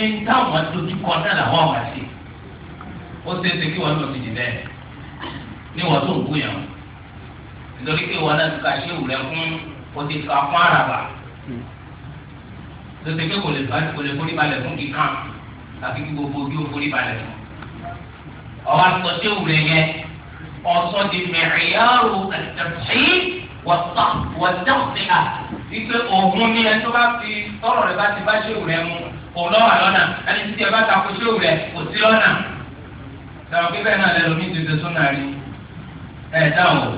ẹni táwọn dojúkọ náà làwọn wà sí ó ṣe é ṣe kí wọ́n lọ sí ìdílé ní wọ́n tó ń gbóyàn nítorí pé wọ́n náà ti ka ṣéwù rẹ̀ fún o ti ka fún àràbà ṣe pé kò lè forí balẹ̀ fún kíkan àfi kí gbogbo ojú òfòrí balẹ̀ fún. ọ̀wá sọ tí òun rẹ̀ yẹ ọ̀sọ́ di mẹ̀rìnyàrú àtẹ̀sí wọ̀tọ́síà wípé òun ni ẹni tó bá fi tọ́rọ̀ rẹ̀ bá ti bá ṣé òun rẹ̀ mu òun lọ́wọ́ lọ́nà ẹni tí tiẹ̀ bá takò ṣé òun rẹ̀ kò sí lọ́nà. sọ̀rọ̀ pípẹ́ náà lẹ́nu mi ti ṣe sọ́nà rí ẹ̀ dáhùn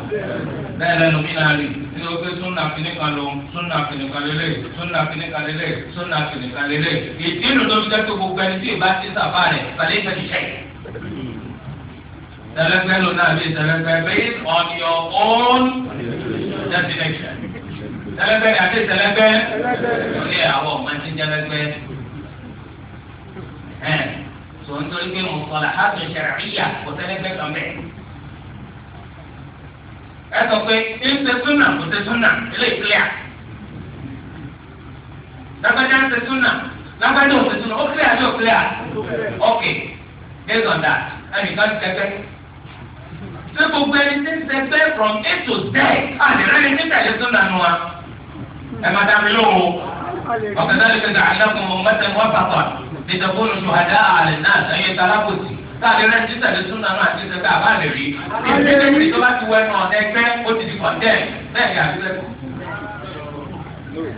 bẹ́ẹ̀ lẹ́nu mí náà rí ní o pé súnà kìnìkan ló súnà kìnìkan lélẹ̀ súnà kìnìkan lélẹ̀ súnà kìnìkan lélẹ̀ ìdí inú tó fi jẹ́ pé gbogbo ẹni tí ìbá ti sàfà rẹ̀ kàlẹ́ ìfẹ́ ìṣẹ́ tẹlẹgbẹ́ ló náà bí tẹlẹgbẹ́ based on your own destination. tẹlẹgbẹ́ ni àti tẹlẹgbẹ́ ló ní àwọn ọmọ ẹni tẹlẹgbẹ́ ẹ̀ tó ń torí pé mo sọ̀rọ̀ àtúnṣe rẹ̀ yíyà kò tẹlẹgbẹ́ kan bẹ́ẹ̀ ẹ sọ pé ṣé ń ṣe súnà kò ṣe súnà ilé ìkílẹ̀ lágbájá ń ṣe súnà lágbájá ò ṣe súnà ó kílẹ̀ àbí ò kílẹ̀ okay based on that ẹnìkan ti tẹ́tẹ́ ṣé gbogbo ẹni tí ń tẹ́tẹ́ from a to z àdìrẹ́ni níta ilé súnà nu wa ẹ má dá mi lóhùn. وكذلك جعلناكم أمة وسطا لتكونوا شهداء على الناس أي تلبس káàdì rẹ ti tẹ̀lé súnà náà àti ìṣẹ̀fẹ̀ àbá lè rí ìdílé tí tó bá ti wẹ́ náà ẹgbẹ́ ó ti di kọ̀ndẹ́ẹ̀ bẹ́ẹ̀ ni àbí lẹ́kọ̀ọ́.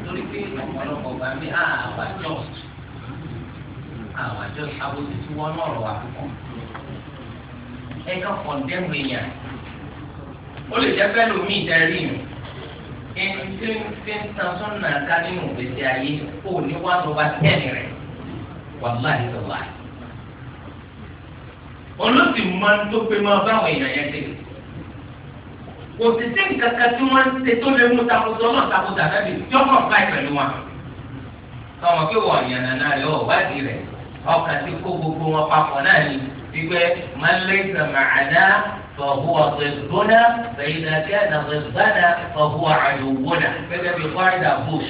lórí pé ọ̀pọ̀lọpọ̀ gbà mí àwà jọ́ọ̀t àwà jọ́ọ̀t àbòsí tí wọ́n náà rọ̀ wá púpọ̀ ẹ̀ka kọ̀ndẹ́ẹ̀mù èèyàn ó lè jẹ́ fẹ́ lómi ìdarí mi ẹni tí ń fi ń tan sọ́nà ká nínú ìgbésí ayé ó ní wá lọ́ba tẹ́ẹ̀nì rẹ̀ wàláhì olóòtú máa ń tó pé máa bá àwọn èèyàn yẹn dé kò sì sí nǹkan kan tí wọ́n ń ṣe tó lè mú takoto náà takoto àtàbí yọ kàn fà pẹ̀lú wọn káwọn pé wọ́n yànnà náà yọ ọ̀wádìí rẹ̀ ọkàn ti kó gbogbo wọn papọ̀ náà ni wípé máa ń lé ìsàmà àná فهو ضدنا فإذا كان ضدنا فهو عدونا كذا بقاعدة بوش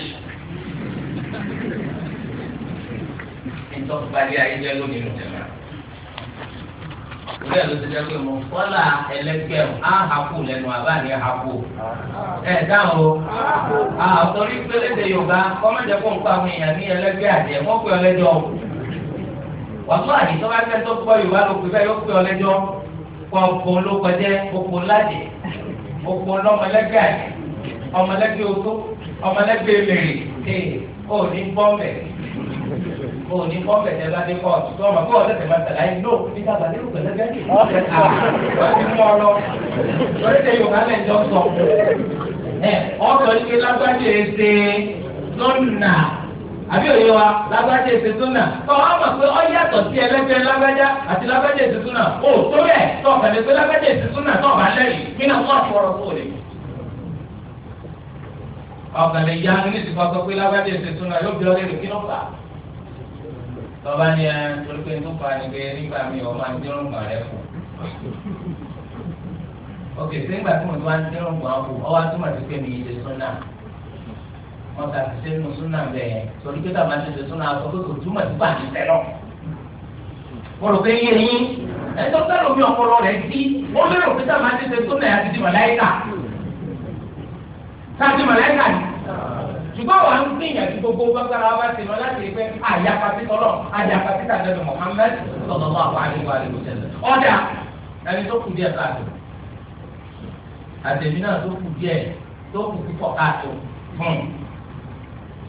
انتم بالي عيدة لوني نتمنى ìwé ló ti jẹ́ pé mo fọ́lá ẹlẹ́gbẹ́ ọ̀ á hapò lẹ́nu àbáyé hapò. ẹ dáhùn o àtọ́rí pé lédè yorùbá kọ́mọ̀jẹ́ kó ń pa àwọn èèyàn ní ẹlẹ́gbẹ́ àjẹ́ wọ́n pè ọ lẹ́jọ́ wàtú àdìsọ́ bá fẹ́ tó gbọ́ yorùbá ló pè bẹ́ẹ̀ yóò pè ọ lẹ́jọ́ kọ́ ọkọ̀ ló kọjá oko lájẹ̀ oko lọ́mọlẹ́gbẹ́ àjẹ́ ọmọlẹ́gbẹ́ oṣó ọmọlẹ́gbẹ́ mèrè ẹ̀ ò ní bọ́ọ̀mẹ̀ o ní kọ́ọ̀bẹ̀ tẹ bá dé kọ́ọ̀tù tó ọmọ kọ́ọ̀tù tẹ máa tẹ̀lé ayé ló ní ká bàdé rò pẹ̀lú gẹ́gẹ́ wọ́n ti mú ọ lọ lórí tẹ yorùbá lẹ̀ jọ sọ ẹ ọ̀sọ̀ ike lágbájé ṣe lọ́nà àbí òye wa lágbájé ṣe súnà tó wọ́n mọ̀ pé ọ yàtọ̀ sí ẹlẹ́gbẹ́ lágbájá àti lágbájé ṣe súnà ó tó bẹ́ẹ̀ tó ọ̀kàlẹ̀ pé lágbájé ṣe súnà tó ọ̀bà lẹ́yìn kí náà wọ́n àfọwọ́rọ̀ tó lè ọ̀kàlẹ̀ yá ní ti fọ́ sọ pé lágbájé ṣe súnà yóò bí ọ tọ́ba ní ẹ eh, torí pé tó fa ni pé nígbà mi ọ̀ máa ń dé ọ̀gbà rẹ fún ok ṣé nígbà tí mo ti wá ń dé ọ̀gbà fún ọ wá túmọ̀ sí pé mi yìí ṣe súnà wọn kà sí ṣe nù súnà bẹ́ẹ̀ torí pé tàbá ṣe ṣe súnà sọ pé kò túmọ̀ sí pàdé tẹ́lọ̀ mo rò pé yé yín ẹjọ́ sẹ́nu mi ọpọlọ rẹ̀ sí ó lérò pé tàbá ṣe ṣe súnà yà ti di màláìkà ṣùgbọ́n wà ń gbìyànjú gbogbo gbàgbára wa ti lọ láti rí pé àyàpá sí tọ́lọ̀ àyàpá sí tàdébù Muhammad sọlọ́lá àwọn àdìgbò àdìgbò tẹ̀lé ọ̀dà ẹni tó kù díẹ̀ káàtó àtẹ̀mí náà tó kù díẹ̀ tó kù púpọ̀ káàtó fún un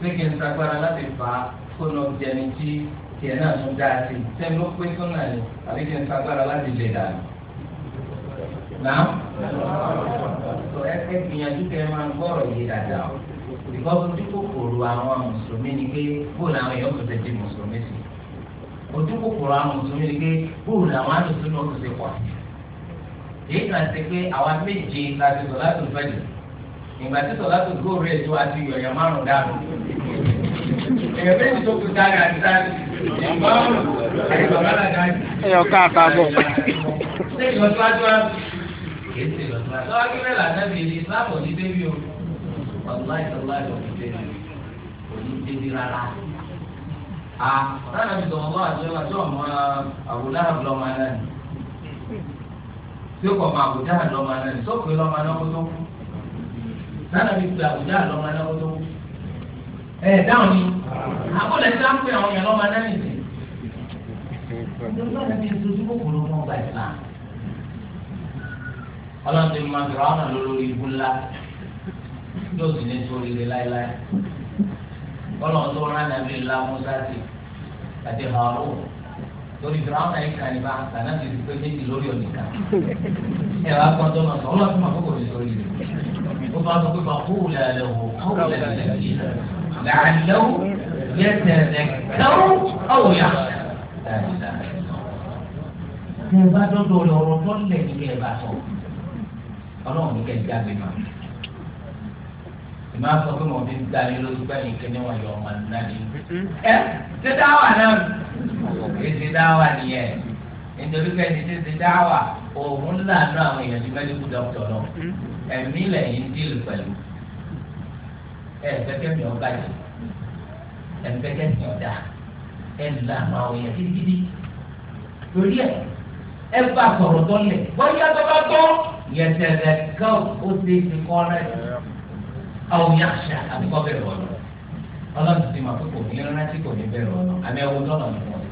pé kí n sagbára láti fà á kó lọ jẹni tí tiẹ̀ náà tún dáa sí i sẹ́ni ló pé tó náà ni àbí kí n sagbára láti lè dà náà ẹ gbìyànjú kẹ́ ìkọ́jú kòkòrò àwọn mùsùlùmí ni pé bóòlù àwọn èèyàn tó tẹ̀lé mùsùlùmí sí ojú kòkòrò àwọn mùsùlùmí ni pé bóòlù àwọn àdùsùn náà tó ṣe pọ̀ sí èyí kan ṣe pé àwa méje láti sọ láti fẹ́lẹ̀ ìgbà tí sọ láti góòrò ètò àti yọ̀yà márùn dànù èèyàn méjì tó kù sáré àti sáré ìgbàlù àti bàbá làdáyé. ẹyọ ká àtàbọ̀. ṣé ìlọsíwájú wa kì í ṣe ìlọsíwájú. lọ́wọ́ kí wàláì wàláì òdìdé òdìdé ní rárá. a sáyẹn mi sọ̀rọ̀ lọ́wọ́ àti ọ̀la tí ọ̀mọ àwòlá lọ́mọ ẹ̀ lẹ́nu tí ó kọ̀ mọ àwòdá lọ́mọ ẹ̀ lẹ́nu sókè lọ́mọ ẹ̀ lọ́kọ́ tó kú sáyẹn mi pe àwòdá lọ́mọ ẹ̀ lọ́kọ́ tó kú. ẹ dáhùn ni àbúlẹ̀ tí wọ́n pe àwọn yẹn lọ́mọ ẹ̀ lẹ́nu ìsìn. ìjọba mi dojú kòkòrò mọ́ ọgbà ìsàn. ọlọ́run ti máa yóò sì ní torí rẹ láéláé ọlọ́run tó rán nàbí ńlá musa ti àti haro lórí fìràwọn náà ìkànnì bá kàná ti di pé méjì lórí òníkà ẹ wá gbọ́n tó náà sọ ọlọ́run tó máa kókò ní torí rẹ ó bá sọ pé bàbá òun lè lè wò ó lè lè lè yí làálẹ́wò yẹ tẹ̀lé kẹ́wò ọ̀wọ̀ yá tẹ̀ bá dọ́dọ̀ ọ̀rọ̀ tó lẹ̀ nígbà ẹ̀ bá sọ ọlọ́run ní kẹ́ ẹ̀ jáde máa máa sọ pé mo fi ń da yín lójú báyìí kí ni wọn yọ ọmọ nínú ni. Mm-hmm. ẹ ṣe dáwà náà èyí ṣe dáwà nìyẹn nítorí pé ẹni ṣe ṣe dáwà òun lànà àwọn èèyàn ní mẹdíkù dọ́kítọ̀ náà ẹ̀mí lẹ́yìn díìlì pẹ̀lú ẹ̀ fẹ́kẹ́ mi ọ̀gá yìí ẹ̀ fẹ́kẹ́ mi ọ̀dà ẹ̀ lànà àwọn èèyàn gidigidi torí ẹ̀ ẹ bá sọ̀rọ̀ tó lẹ̀ bóyá tó bá tó yẹtẹ̀lẹ̀ àwọn yàtọ̀ àti kọ́ bẹ̀rẹ̀ ọ̀nà ọlọ́run ti mọ̀ pé kò ní rántí kò ní bẹ̀rẹ̀ ọ̀nà àmì ẹ̀wọ̀n tọ́nà ní wọn.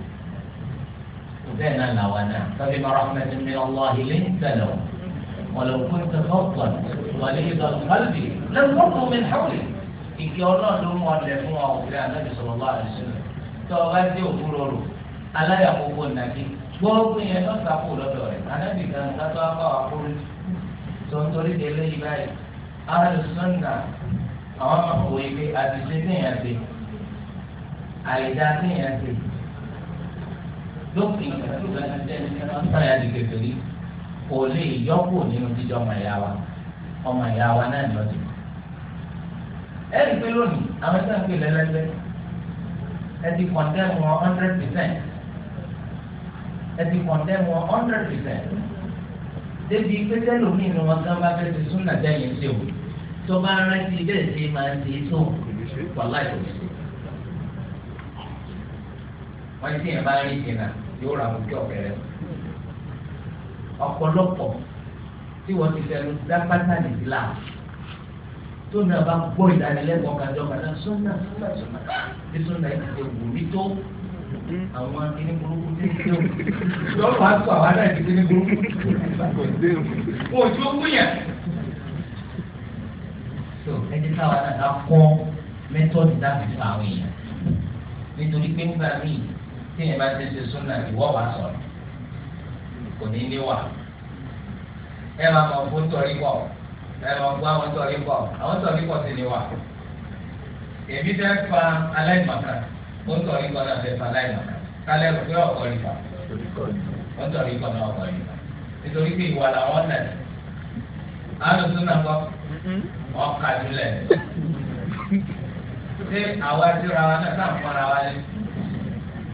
bẹ́ẹ̀ náà làwọn náà tọ́bí ma rahmat min Allah ilé ìtẹ̀lẹ̀ wọn. wọn lè kó ìtẹ̀ fọ́ọ̀kan wọn lè yíga kálbì lẹ́kọ̀ọ́kọ́ mi hàwùlì. ìkẹ́ ọlọ́run ló mú ọlẹ̀ fún wa òkúrẹ́ anábì sallallahu alaihi wasallam tó o bá dé òkúrò rò aláyàkókò nàbí gbọ́ọ́gbìn yẹn àwọn máa wọ ibi àtìṣe téèyàn ṣe àìdá téèyàn ṣe lópin ìgbà tó bá ti dẹ́ni ní wọ́n sọ̀rọ̀ àti kékeré kò lè yọ́pò nínú jíjọ ọmọ ìyá wa ọmọ ìyá wa náà lọ sí. ẹ rí i pé lónìí àwọn ẹgbẹ́ ń pè lẹ́lẹ́gbẹ́ ẹ ti kọ̀ǹtẹ́ẹ̀mù wọn hundred percent ẹ ti kọ̀ǹtẹ́ẹ̀mù wọn hundred percent débi pé tẹ́lómi ni wọ́n sábà fẹ́ ti súnà dẹ́yìn ṣe wò tó bá rántí bẹ́ẹ̀ ṣe máa ṣe tó wàhálà ìṣòro. wọ́n ti yẹn bá rí ìdènà yóò ra òkè ọ̀bẹ̀rẹ̀. ọ̀pọ̀lọpọ̀ tí wọ́n ti fẹ́ẹ́ dá pátá nìdí là tó náà bá gbọ́ ìdánilẹ́kọ̀ọ́ kájọ́ kájọ́ sọ́nà sọ́nà sọ́nà bí sọ́nà yìí ti wù mí tó àwọn akíní burúkú tí ń tó lọ́wọ́ àtúwà wà láì fi kíní burúkú tó ń bá tó ń dé. wọ́n ò pé káwọn náà ká kọ́ mẹ́tọ́dì láti fún àwọn èèyàn nítorí pé nígbà míì téèyàn bá ti ṣe súnà ìwọ wà sọ̀rọ̀ kò ní ní wà ẹ máa mọ fún tọrí pọ̀ ẹ máa gbọ́ àwọn tọrí pọ̀ àwọn tọrí pọ̀ sì ní wà èmi fẹ́ fa aláìmọ̀ká ó ń tọrí pọ̀ náà fẹ́ fa aláìmọ̀ká kálẹ̀ rò pé ọ̀kọ́ rí fa ó ń tọrí pọ̀ náà ọ̀kọ́ rí fa nítorí pé ìwà làwọn nà àlùsùn náà kọ́. Mm-hmm ọkà jùlẹ̀ ṣé àwa síra wa náà sáà fọ́nra wa ni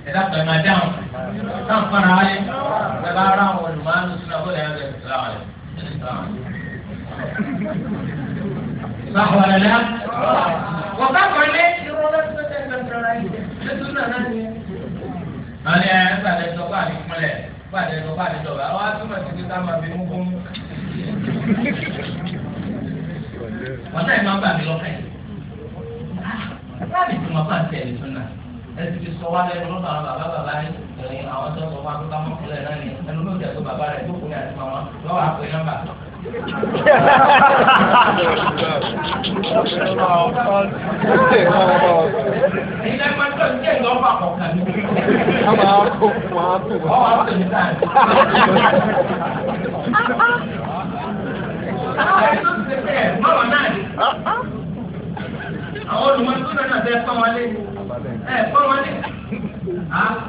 ẹ̀dá pẹ̀lú máa dáhùn sáà fọ́nra wa ni bẹ́ẹ̀ bá rà wọn olùmọ̀ àánú sínú ọgbọ́n ẹ̀yọ́ bẹ̀rẹ̀ síra wa ni. Báwo ni náà? Wọ́n bá kọ́ ilé. Àwọn ẹ̀yà ń sàlẹ̀ sọ fún àmì kúnlẹ̀ fún àdẹ̀sọ fún àdẹ̀sọ bá wá túmọ̀ sí pé ká máa fi mú fún wọn náà máa ń bà lọ́kàn yìí láàbì tí wọn bá ń tẹ̀lé náà ẹsì ti sọ wá lẹ́nu lọ́dọ̀ àwọn bàbá bàbá yìí àwọn tó sọ wọn akókò amọ́kùnrin náà ni ẹnu ló jẹ́ tó bàbá rẹ̀ tó kù ní àti màmá lọ́wọ́ àpè nọ́mbà. ilé ṣe bẹ́ẹ̀ mọ́wàá náà ni. àwọn olùmọ̀tún náà bẹ́ẹ̀ pọ́n wọlé ẹ̀ pọ́n wọlé.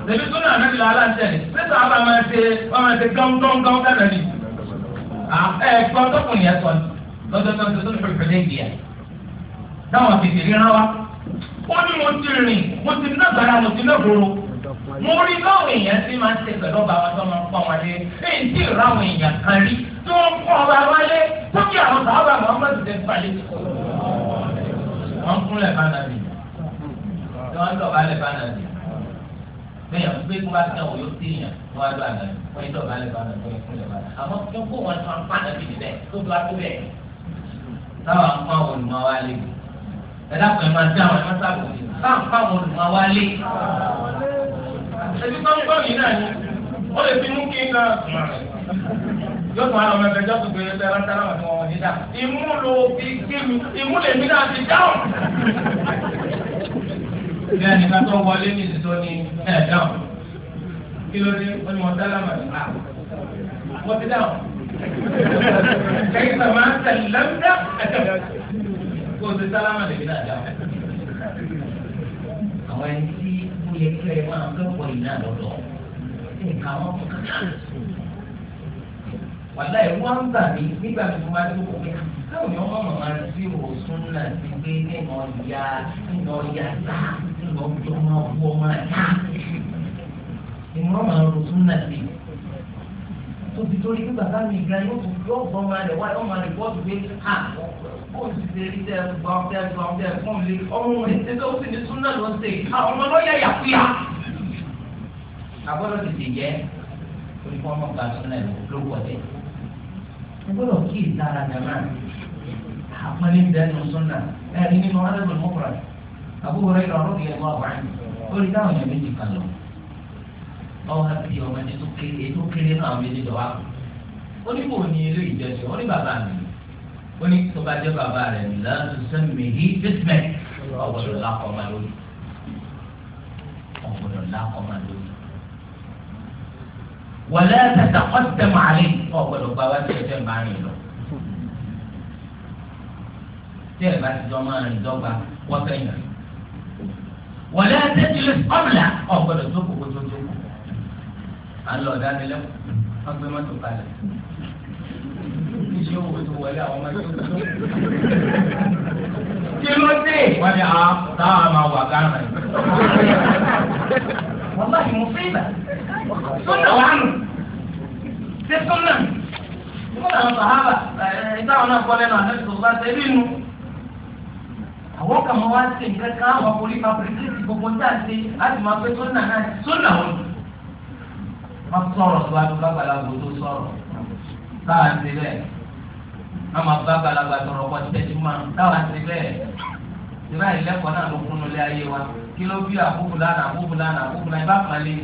lèmi tó náà nàbí làálà ń tẹ̀lé pẹ́sà àbá máa ṣe wọ́n máa ṣe gángangán gánà ni. ẹ̀ gbọ́n tọkùnrin yẹn sọ lọ́dọ̀ tó ń tó ń fẹ́ fẹ́ lé táwọn tètè ríran wa ó ní mo ti rìn mo ti nágbára mo ti lọ́gbòrò mo rí báwọn èèyàn ti máa ṣe pẹ̀lú ọba wa tó máa ń pọ́n wọn lé dúkìá àwọn sàábà Muhammadu ṣe balẹ̀ wọn kúnlẹ̀ bánàbì tí wọn dọ̀bálẹ̀ bánàbì bẹ́ẹ̀ yàn gbé kúbá sí àwọn yóò sí yàn tó wá dọ̀ ànàbì wọn yìí dọ̀bálẹ̀ bánàbì wọn kúnlẹ̀ bánàbì àmọ́ tó kó wọn tó apá ànàbì níbẹ̀ tó tó akó bẹ̀ táwọn apá olùmọ̀ wa lé ẹ dákun ẹ máa dá àwọn ẹ máa sábò ní táwọn apá olùmọ̀ wa lé ẹbí tó náà ni wọ́n lè fi mú kí n náà yóò tún àwọn ọmọ ẹgbẹ́ jọ́sùn pé ẹgbẹ́ bá sálámà tí wọ́n wọ̀ ní dà ìmú ló fi gé mi ìmú lè mí náà ti dáhùn. bí ẹnìkan tó wọlé ní ìsìtò ní ẹ̀ dáhùn kí ló dé wọ́n ní wọ́n sálámà ní à wọ́n ti dáhùn. kẹ́kẹ́ sàmà sàlámdà kó o ti sálámà lè mí náà dáhùn. àwọn ẹni tí ó yẹ kí ẹ máa kẹ́kọ̀ọ́ yìí náà lọ́dọ̀ nǹkan àwọn kan wàlá ẹ̀ wọ́n ń bà mí nígbà tí mo bá tó kọ̀ pé káwọn èèyàn mọ̀ màmá rẹ̀ sí òsùn náà ti gbé nínú ìyá nínú ìyá tá nínú ọjọ́ náà wọ́n máa tá ìmọ̀ màmá rẹ̀ òsùn náà ti tó ti torí pé bàbá mi gan yóò tún yóò gbọ́ máa rẹ̀ wá ọmọ rẹ̀ bọ́ọ̀dù pé à bóun ti ṣe rí gbọ́n tẹ gbọ́n tẹ fún mi ọmọ rẹ̀ ṣe tó ti ní sún náà ló ń ṣe ọmọ lọ́yà gbọ́dọ̀ kí ìtara jàmá àpọ́nlé dẹnu súnà ẹ̀rí nínú arábìnrin mọ́kúra àbúrò rẹ̀ lọ́rọ́ kì í wá wáyé ó rí táwọn èèyàn méjì kan lọ ọwọ́ àti ọmọdé tó kéré tó kéré náà àwọn méjì lọ́wọ́ ó ní kò ní eré ìjọsìn ó ní bàbá mi ó tó bá jẹ́ bàbá rẹ̀ lọ́sùn sẹ́mìhì bísímẹ̀ ọ̀gbọ̀dọ̀ lákọ̀ọ́mà lórí ọ̀gbọ̀dọ̀ lákọ̀ọ́mà lórí wàlẹ́ àtàtà ọ̀sẹ̀ màálí ọ̀gbọ̀dọ̀ gba wá sí ẹ̀fẹ̀ màálí lọ. tí ẹ̀ bá ti jọ máa rìn dọ́gba wọ́n fẹ́ yàn. wàlẹ́ àtẹ̀jìlẹ̀ ọ̀bìlà ọ̀gbọ̀dọ̀ tó kókó tó tó kó. à ń lọ ọ̀dà mi lẹ́kọ̀ọ́ wọ́n gbé mọ́tò kalẹ̀. iṣẹ́ owó tó wọlé àwọn ọmọ ẹgbẹ́ kí ló dé? wọ́n ní àwọn ah, táwọn máa wà gánà yìí. والله mo fẹ́ ìgbà sọ́nà wà nù ṣé sọ́nà nígbà táwọn sàhábà ìtàwọn náà bọ́ lẹ́nu àlẹ́ sọ̀rọ̀ bá ṣe rí nu àwọn kan máa wá ṣe nǹkan kan àwọn akọrin máa pèsèsì gbogbo tá a ṣe láti máa pé sọ́nà náà sọ́nà wọn. wọ́n sọ̀rọ̀ síwájú bàbàlàbò tó sọ̀rọ̀ táwa ṣe bẹ́ẹ̀ wọ́n máa bàbàlàbà sọ̀rọ̀ pọ̀ tẹ́jú máa táwa ṣe bẹ́ẹ̀ ìrá ìlẹ́kọ̀ọ́ náà ló kúnnú lé wa kí ló bí àbúbùlánà àbúbùlánà àbúbùlánà ibà pàlẹ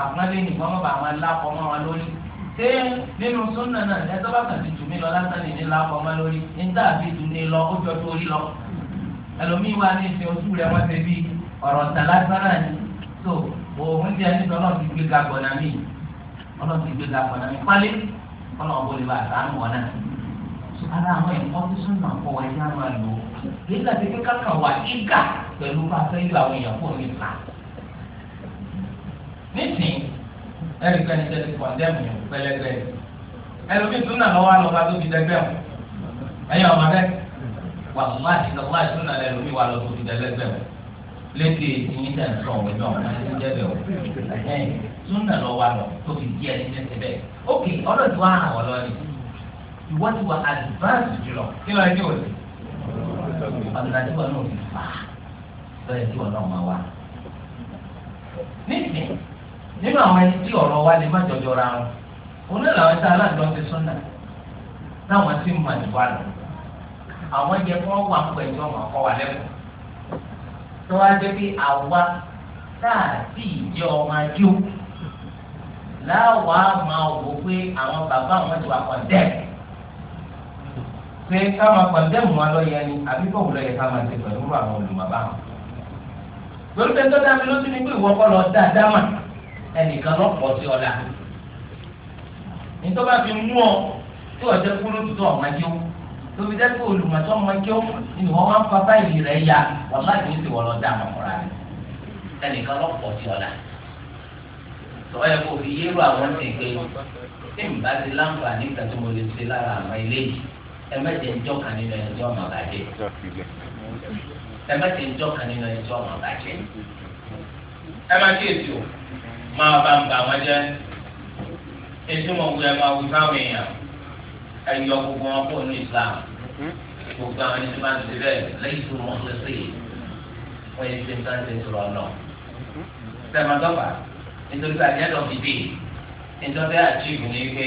àpọnlé nìkan mọba àwọn ẹlápọ mọ wọn lórí ṣé nínú súnà náà ẹjọ bá kàn ti jù mí lọ lásán ní lápọ mọ lórí níta àbí jù ní lọ ó jọ tó rí lọ ẹlòmíì wà ní ìsìn ojú rẹ wọn ṣe bí ọ̀rọ̀ tà lásán náà ni tó òun jẹ nítorí Ọlọ́run ti gbé ga gbọnà mí Ọlọ́run ti gbé ga gbọnà mí pálí Ọlọ́run bó lè bá àtàánù wọn náà ara àwọn ẹ̀kọ́ tí súnmọ́ kọ́ wa yá máa lò ó nígbà tí pé kákan wà ígà pẹ̀lú bá fẹ́ yọ àwọn èèyàn kúrò nípa. nísìnyí ẹnì kan ní tẹ́lẹ̀ kọ̀ndẹ́mù yẹn pẹlẹgbẹ ẹlòmíì tún náà lọ́wọ́ àlọ́ bá tó fi dẹgbẹ́ wọn ẹ̀yin ọ̀ma bẹ́ẹ̀ wàláhì lọ́láhì tún náà lẹ́lòmíì wà lọ́ tó fi dẹgbẹ́ wọn lédè sọ òwe náà wọn ti jẹ́ bẹ́ẹ̀ tó fi díẹ̀ ní tẹ́tẹ́ bẹ́ẹ̀ ókè ọlọ́dún àhàwọ̀ ìwọ ti wà advance jùlọ kí ló ń kí wọ́n ti. ọ̀nà tí wọn náà fi fà á lọ́yẹ̀ tí wọn náà máa wá. nísìnyí nínú àwọn ẹni tí ọ̀rọ̀ wa lè má jọjọ ra wọn òun náà làwọn tá aláàjọ ti sọ́nà táwọn ti mọ̀ nípa lọ. àwọn jẹ kí wọ́n wà ń pẹ̀lú ọmọ ọkọ wa lẹ́kọ̀ọ́. tó wá jẹ́ pé àwa táà ìjẹ́ ọmọ ajó láwàá máa wò pé àwọn bàbá àwọn ti wà kọ̀ dẹ́ẹ̀ ṣé ká máa pàdémù wa lọ yẹ ni àbí bọ́ọ̀lù lọ yẹ ká máa ṣe pẹ̀lú àwọn olùmọ̀bá wọn. lórí pé tó dábí lójú ni pé ìwọ kọ́ lọ dá dámà ẹnìkan lọ́pọ̀ sí ọ̀la. nítorí bá fi mú ọ tí ọ̀jẹ̀ kú ló tutù ọ̀ma jẹ́ ó tóbi jẹ́ pé olùmọ̀tọ́ ọmọ jẹ́ ó ni wọ́n wá ń fa báyìí rẹ̀ ya wọ́n má ti ń ti wọ́n lọ dá àmọ́ fúnra rẹ̀ ẹnìkan lọ́pọ̀ sí ọ̀la. sọ yẹ kó fi yérò ẹ má jẹ njọ́ kan nínú ẹni tí wọ́n máa bàjẹ́ ẹ má jẹ njọ́ kan nínú ẹni tí wọ́n máa bàjẹ́ ẹ má kíyèsí o máa bá ń bà wọ́n jẹ́ ètò wọn wúlò ẹ máa wí fáwọn èèyàn ẹ yọ gbogbo wọn kó ní Islam gbogbo àwọn ẹni tó bá ń ṣe bẹ́ẹ̀ lẹ́yìn tó wọ́n ṣe sí wọ́n yẹ kí n sáńtì sọ̀rọ̀ ọ̀nà sẹ́mọ̀tọ́fà nítorí pé àjẹ́dọ̀ fi dé nítorí pé àjíìbù ní pé.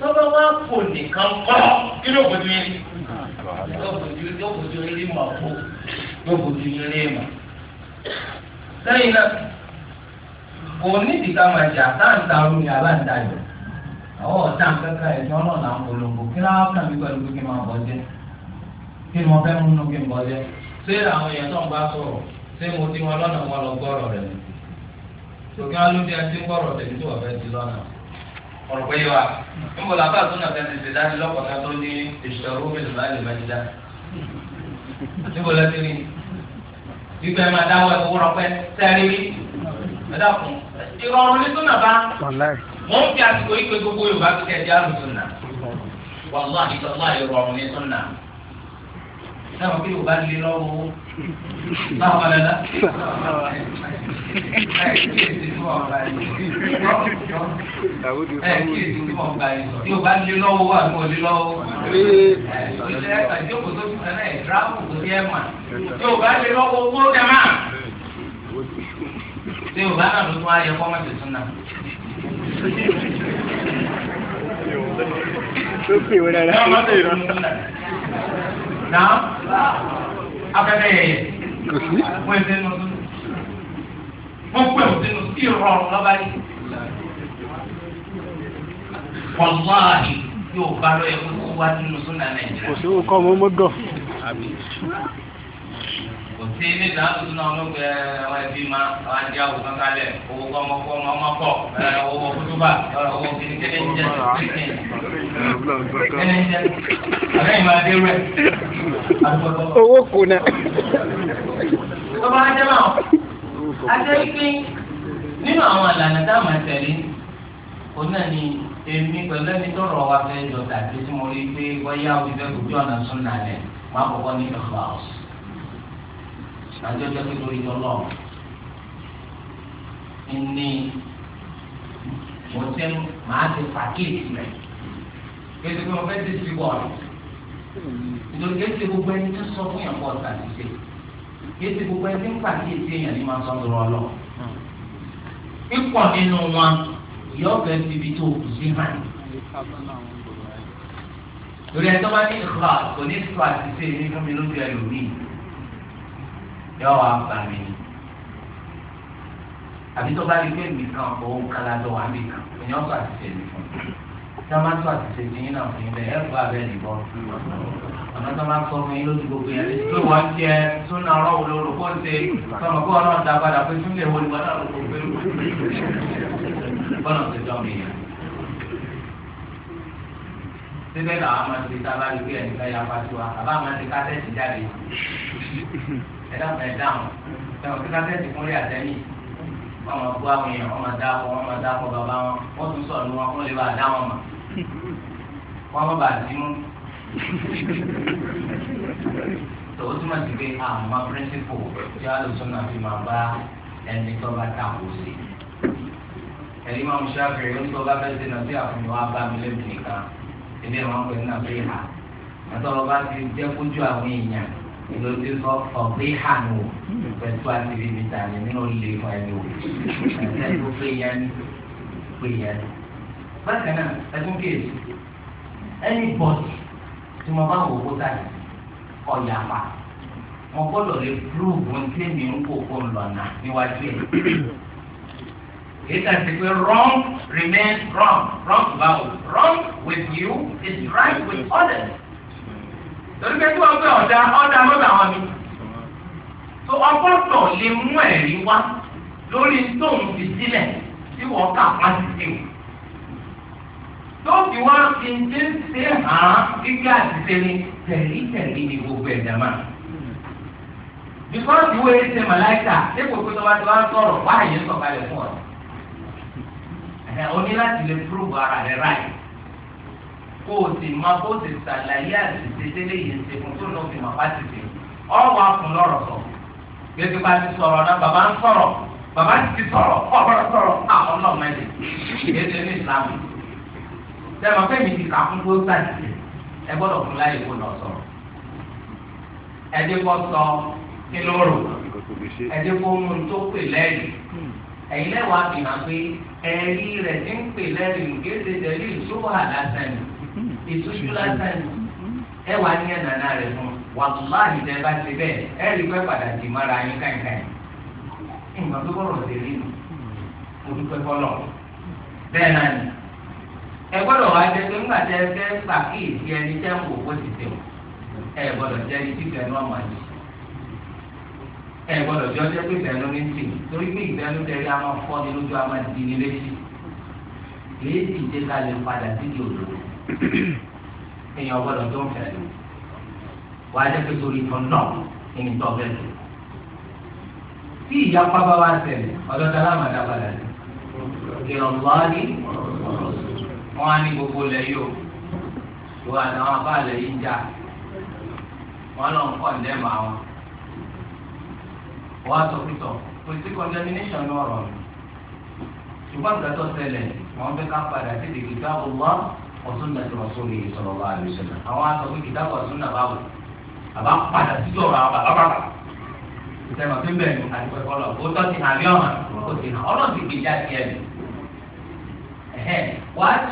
tọ́ba wá fò nìkan kọ́ kí ló bójú yẹn yóò bójú eré mà kó yóò bójú eré mà. lẹ́yìn náà kò ní ìdíkà máa jà táǹtà ọ̀run ni aláǹda yọ àwọn ọ̀tá kankan ẹ̀sìn ọlọ́ọ̀nà polongo kí láwọn kan mi pẹ̀lú pé kí n máa bọ́ jẹ́ kí ni wọ́n fẹ́ múnú kí n bọ́ jẹ́ ṣé àwọn èèyàn tó ń bá sọ̀rọ̀ ṣé mo ti wọn lọ́nà wọn lọ gbọ́rọ̀ rẹ̀ tòkí wọn ló dé ẹtí gbọ́rọ̀ tẹ̀lé fẹ́ ti lọ́nà ọ̀pẹ́ yìí wa ń bọ̀ làbá àtúnà fẹ́ẹ́ ti dání lọ́kọ̀ọ́ká tó ní ìṣòro mélòó láì lè máa níbo lọ sí ni gbígbẹ́ máa dáwọ́ ẹ̀kọ́ rọpẹ́ sẹ́rí rí ẹ̀dá kùn ìrọ̀rùn ní súnà bá mọ̀ ń fi àsìkò ìpè gbogbo Yorùbá fi kẹ̀ di àlùsùn náà wàlúwà ìtọ́lá ìrọ̀rùn ní súnà náà bí o bá lé lọ́wọ́ o náà wà lẹ́la. ẹ kí èsì tí wọ́n bá yìí sọ bí o bá lé lọ́wọ́ wà ní òlé lọ́wọ́. ìṣe ẹ̀ka ìjókòó tó ti sẹ́lẹ̀ ìdíráàmù tó yẹ mà bí o bá lé lọ́wọ́ owó dẹ́mà. o bá náà ló tún ayẹ fọ́mọ́ tuntun náà. Tó pè wọ́n dáadáa náà afẹ́fẹ́ yẹyẹ fún ẹsẹ̀ nù wọ́n pè ó sínú sí ìrọ̀rùn lọ́ba yìí wàláhì yóò bá lọ́yẹ̀ kó wá sínú sún náà nàìjíríà. kò sí òkò ọmọ mọ́dọ̀ kò sí ní ìdáhùn tó náà lọ́gbẹ́ àwọn ẹbí ma àwọn àti àwọn kan kalẹ̀ owó kọ́ ọmọ kọ́ ọmọ kọ́ owó kútúbà owó kìnnìkìnnì ń jẹ kìnnìkìnnì ń jẹ àlẹ́ ìmọ̀ adé rẹ̀. owó kù náà. ọba ajẹ́ náà ajẹ́ pé nínú àwọn àlànà tá a máa tẹ̀lé kò náà ni èmi pẹ̀lú ẹni tó rọ̀ wá fẹ́ jọ tàbí tí mo rí pé wọ́n òbí fẹ́ kó bí ọ̀nà sún nàlẹ̀ máa kọ́kọ́ ní ìfọ̀ àwọn àjọjọ tó lórí tọ́lọ́ ní mo ti máa ti pàkíyèsí rẹ̀ kéde pé mo fẹ́ ti fi wọ̀ rẹ̀ nítorí kéde gbogbo ẹni tó sọ fún yàn pọ̀ ọ̀tà ti ṣe kéde gbogbo ẹni tó ń pàkíyèsí èèyàn ní máa sọ lọ́rọ́ lọ. pípọ̀ nínú wọn yọ̀ọ̀bẹ fi ibi tó kù sí hàn lórí ẹjọ́ bá ní ìfura kò ní ìfura ti ṣe ní fún mi lójú ẹlòmíì yọ wá bà mí ni àbí tó bá rí pé mi kan òun kan la lọ wà mí kan òun yọ sọ àtìsẹ mi fún tí wọn bá sọ àtìsẹ mi yín náà fún yín bẹ́ẹ̀ ẹ fún abẹ nìbọn àmọ́ tó máa sọ fún yín lójú gbogbo yẹn lójú pé wọ́n jẹ súnà ọ̀rọ̀ wo lóru kó ṣe tọmọ kó ọlọ́run dá padà pé súnlẹ̀ wo ni wọ́n náà lóko pé wọ́n náà ti dán mi yẹn síbẹ̀ náà a máa ti sábà rí pé ẹnìkan ya pàṣẹ wa àbá máa ti kásẹ̀tì jáde ẹ̀dá fẹ́ dáhùn ẹ̀wọ̀n tí kásẹ̀tì fún rí àtẹ́yìn wọ́n máa bú àwọn èèyàn wọ́n máa dáko wọ́n máa dáko bàbá wọn wọ́n tún sọ̀rọ̀ wọn wọ́n lè bá a dá wọn mọ̀ wọ́n má bàa dín mú. tòun túmọ̀ sí pé àmọ́ píríncípù tí a lò sọ́nà fi máa bá ẹni tó bá tàkó sí ẹ̀rí máa ń ṣe àfẹ́rẹ́ ní tó bá fẹ́ ṣe náà sí àfihàn wa bá ilé wọn pè ní àbíhà àtọ́wọ́ bá ti jẹ́ kójú àwọn èèyàn ìlú ti sọ ọ̀bíhà nù pẹ̀tù àti bíbí tàní nínú ilé wọn ẹni wò ẹ̀sẹ̀ tó pé yẹn ni pé yẹn ni. bákan náà ẹkún kéèsì ẹni bọ̀dì tí mo bá wò ó tàyè ọ̀yà pa mo gbọ́dọ̀ lè púrúùbù ní tèmi ń kó kó ń lọ nà níwájú ẹ̀. It tà sí pé wrong remain wrong wrong báwo wrong with you is right with others. torí pé tí wọ́n pẹ́ ọ̀dà ọ̀dà lọ́dọ̀ àwọn mi. tó ọgọ́tọ̀ lè mú ẹ̀rí wá lórí tóun fi sílẹ̀ tí wọ́n kà wá sí i. tó fi wá fi ń ṣe hàn án gbígbé àtìsẹ́ ni tẹ̀lé-tẹ̀lé ni gbogbo ẹ̀dá máa bíkọ́sì wo ẹsẹ̀ màláìkà ṣé kò pé tọ́ba tí sọ̀rọ̀ wáyé sọ̀kalẹ̀ fún ọ̀rọ̀ o ní láti lè prove ara rẹ ráì kó o sì máa kó o sì ṣàlàyé àṣìṣe délé yìí ṣe fún tó lọ́ọ́ fi mọ̀ bá ti ṣe ọ̀wọ́ akùn lọ́rọ̀ sọ gbẹgbẹ́ bá ti sọ̀rọ̀ náà bàbá ń sọ̀rọ̀ bàbá ti ti sọ̀rọ̀ ọ̀rọ̀ sọ̀rọ̀ àwọn ọlọ́mọ ẹ̀ lè ní ìsìlámù sẹ́wọ̀n fẹ́mi ti kà fún tó sàdìsì ẹ gbọ́dọ̀ fún láyé kó lọ sọ̀rọ̀ ẹ̀dínkọ́ sọ kí ló rò ẹ̀dínkọ́ mú tó pè lẹ́yìn ẹ̀yin náà wàá bì máa pé ẹ̀rí rẹ̀ ti ń pè lẹ́rìí gèdè tẹ̀lé ìṣòwò àlásán ni ìtújú lásán ni ẹ wàá ní ẹ̀nàná rẹ̀ fún wàhálà ìdẹ bá ti bẹ́ẹ̀ ẹ rí pé padà dì mọ́ra yín káìkáì ìgbà tó bọ̀rọ̀ sí rí nu mo dúpẹ́ bẹ́ẹ̀ náà ni ẹ gbọ́dọ̀ wá jẹ pé ńgbà tẹ ẹ fẹ́ pàkíyèsí ẹni tẹ́ ń wò ó ti tẹ̀ ẹ gbọ́dọ̀ jẹ́ ibi tẹ̀ ní ẹ gbọ́dọ̀ jọ jẹ́ pé ìdáná ní tì torí pé ìdáná tẹ̀lé a máa fọ́ ni lójú a máa di ní létí lèyí ti jẹ́ ká lè padà síbi òdòdó èèyàn gbọ́dọ̀ tó ń fẹ́ lò wàá jẹ́ pé torí fún náà ẹni tó bẹ́ẹ̀ lò tí ìyá pápá wa ṣẹlẹ̀ ọ̀dọ́ta lámàdá padà sí ìrọ̀lọ́ọ̀dì wọn á ní gbogbo lẹ̀ yóò wọ àtàwọn abáàlẹ̀ yìí ń jà wọn lọ ń kọ́ ǹdẹ́mọ̀ àwọn wọ́n á sọ pé tọ̀ kò sí condemnation ní ọ̀rọ̀ mi ṣùgbọ́n ìgbà tó ṣẹlẹ̀ àwọn fẹ́ ká padà sí ìdè kìtà ọ̀wọ́ ọ̀tún náà ti wọ́n sórí ìṣòro wa àlè ìṣẹ̀lẹ̀ àwọn á sọ pé kìtà ọ̀tún náà bá wò àbá padà sí ọ̀rọ̀ àwọn bàbá bàbá ìtẹ̀mọ̀ tó bẹ̀rẹ̀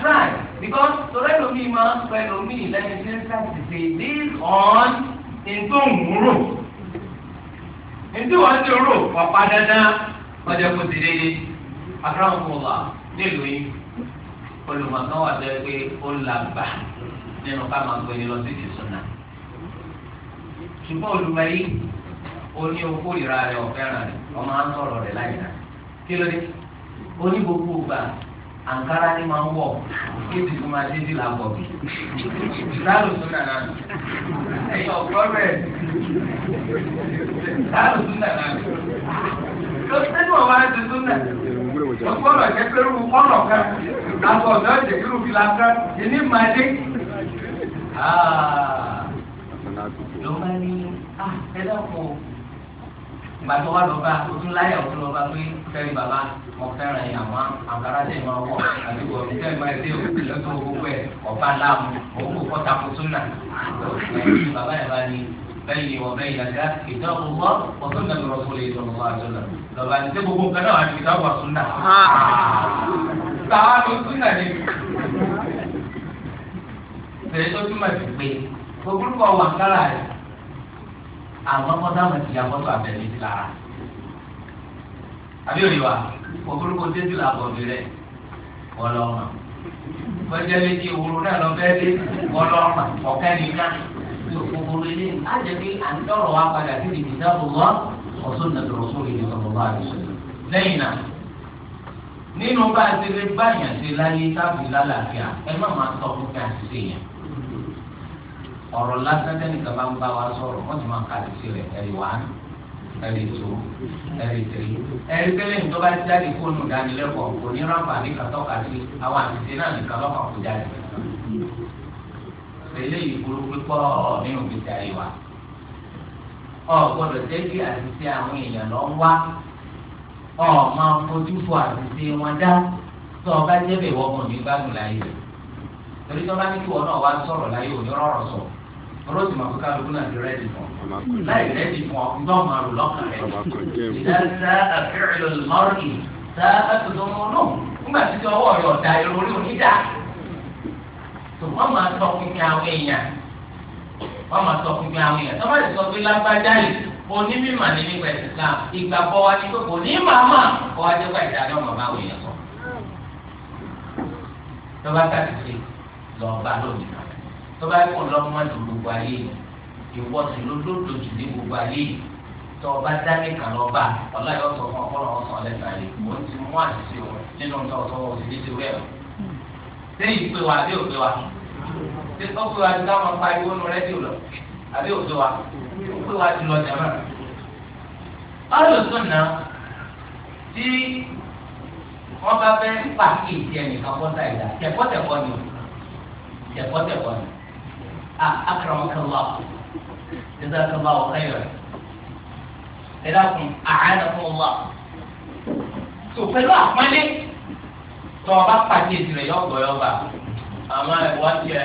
try because tọ́lá lomi máa ń pẹ́ lomi lẹ́yìn tí ń sàtìsẹ́ based on ètò òmùrò ntí wọn ti rò pàpà dandan wọn jẹ kó ti dédé akérèmọkùnrin nílùú yìí olùmọ̀kan wà jẹ́ pé ó làgbà nínú ká máa gbé ní lọ sí ìsúná ṣùgbọ́n olùmọ̀ yìí ó ní okó ìra rẹ̀ ọ̀fẹ́ràn rẹ̀ ọmọ á ń rẹ̀ láyìí náà kí ló dé ó gbà àǹkárá ni máa ń wọ̀ kí ti fún ma dídí la bọ̀ bí. Sáàlù tún nà náà. Ẹ̀yin ọ̀gbọ́n bẹ̀. Sáàlù tún nà náà. Lọ́sẹ̀dún ọ̀wá ti tún nà. Ọgbọ́n ọ̀jẹ̀ pẹ̀lú ọ̀nà kan. Àgbọ̀ ọ̀dọ́ ẹ̀jẹ̀ kírun fi lásán. Ìní máa dé. Ló máa ní ah, ẹ dákun gbàtọ́ wa lọ́ba ojú láyà ojú lọ́ba pé fẹ́rí bàbá mo fẹ́ràn yìí àwọn àgbàrá tẹ̀ máa wọ̀ àbí wọ̀ ní tẹ̀ máa dé òkú lọ́tọ́ gbogbo ẹ̀ ọ̀bá láàmú òkú kọ́ta kó tún nà bàbá yẹn bá ní bẹ́ẹ̀ni wọ bẹ́ẹ̀ yàgá ìtọ́ ọ̀gbọ́ ọ̀tún náà lọ́wọ́ sọ lè lọ́wọ́ wá jọlọ ní tẹ́ gbogbo nǹkan náà àti ìtọ́ ọ̀gbọ́ tún nà. sàánù tún nà tó túmọ̀ sí pé gbogbo àmọ́ mọ́tò àwọn ti ya mọ́tò abẹ́lé ti lára. àbí òye wa òfurufú tẹ́tí la bọ̀ bí rẹ̀ ọlọ́ọ̀mà gbọ́dọ̀ lè di òwúrò náà lọ bẹ́ẹ̀ lé ọlọ́ọ̀mà ọ̀kẹ́ nìkan òfurufú ilé àjẹbí àńdọ̀rọ̀ wa padà sí ibi ìdáàbò wọn ọ̀sùn nàdọ̀rọ̀ sórí ìdí ọ̀rọ̀ bá rẹ̀ lẹ́yìn náà nínú bá a ti lè báyàn ṣe láyé tábìlì lálàáfíà ẹ má máa sọ fún kí a ti ṣe yẹn ọ̀rọ̀ lásán tẹ́nìkan bá ń bá wa sọ̀rọ̀ wọ́n ti máa ka àdìsí rẹ̀ ẹ̀rì wá ẹ̀rì tó ẹ̀rì tẹ̀lé ẹ̀rì tẹ́lẹ̀ ní tó bá ti jáde fóònù dánilẹ́kọ̀ọ́ kò ní ráńpà ní kàtọ́ka sí àwọn àdìsí náà nìkan lọ́kàn kó jáde. tẹ̀lé ìgboro pípọ̀ nínú gbèsè ayé wa ọ̀ gbọ́dọ̀ tẹ́lé àdìsí àwọn èèyàn lọ ń wá ọ̀ máa fojú fo àdìsí wọn dá tó ọba jẹ́bẹ̀ wọ́pọ̀ ní bá ní kí wọn ọlọ́sì máa fún kálukú náà di rẹ́dì fún ọ láì rẹ́dì fún ọ ńgbọ́n máa rò lọ́kàn rẹ̀ ìdásá àfẹ́rẹ́ lọ́rùn sá àtúntò náà nígbà tí ọwọ́ rẹ̀ ọ̀dà ìròrí onídà wọ́n máa sọ pínpín àwọn èèyàn wọ́n máa sọ pínpín àwọn èèyàn tọ́wọ́n ti sọ pé lágbájá yìí onímọ̀ ní nípa ìsìlám ìgbàgbọ́ wa ní pé kò ní màmá kó wá dé pa ìdájọ́ màmá àwọn sọ. lọ́ba tàbí tọ́ba kò lọ́mọ ju gbogbo ayé ìwọ sì ló lòdò jù ní gbogbo ayé tọ́ba dání kan lọ́ba ọláyọ̀ tó fún ọpọlọ ọ̀sán lẹ́sàn rẹ̀ mo ti mú àṣìṣe o nínú tọ́ tọ́wọ́ òsì ní ti wẹ̀ o. sẹ́yìn pé wa àbí òpè wa ṣé ó pè wa ti dáhùn apá ìwé nu rẹ́díò lọ àbí òpè wa ó pè wa ti lọ jàmá. ọlọ́sùn náà tí wọ́n bá fẹ́ pàkíyèsí ẹnìkan kọ́ta ìdá tẹ̀kọ́tẹ̀kọ́ ni tẹ̀kọ́tẹ̀kọ́ ni. أكرمك الله khairan ẹ dákun a'anakumullah أعانكم الله àpọ́nlé tó ọba pàkíyèsí rẹ̀ yọ̀ gbọ̀yọ̀gbà àmọ́ ẹ̀wọ́ tiẹ̀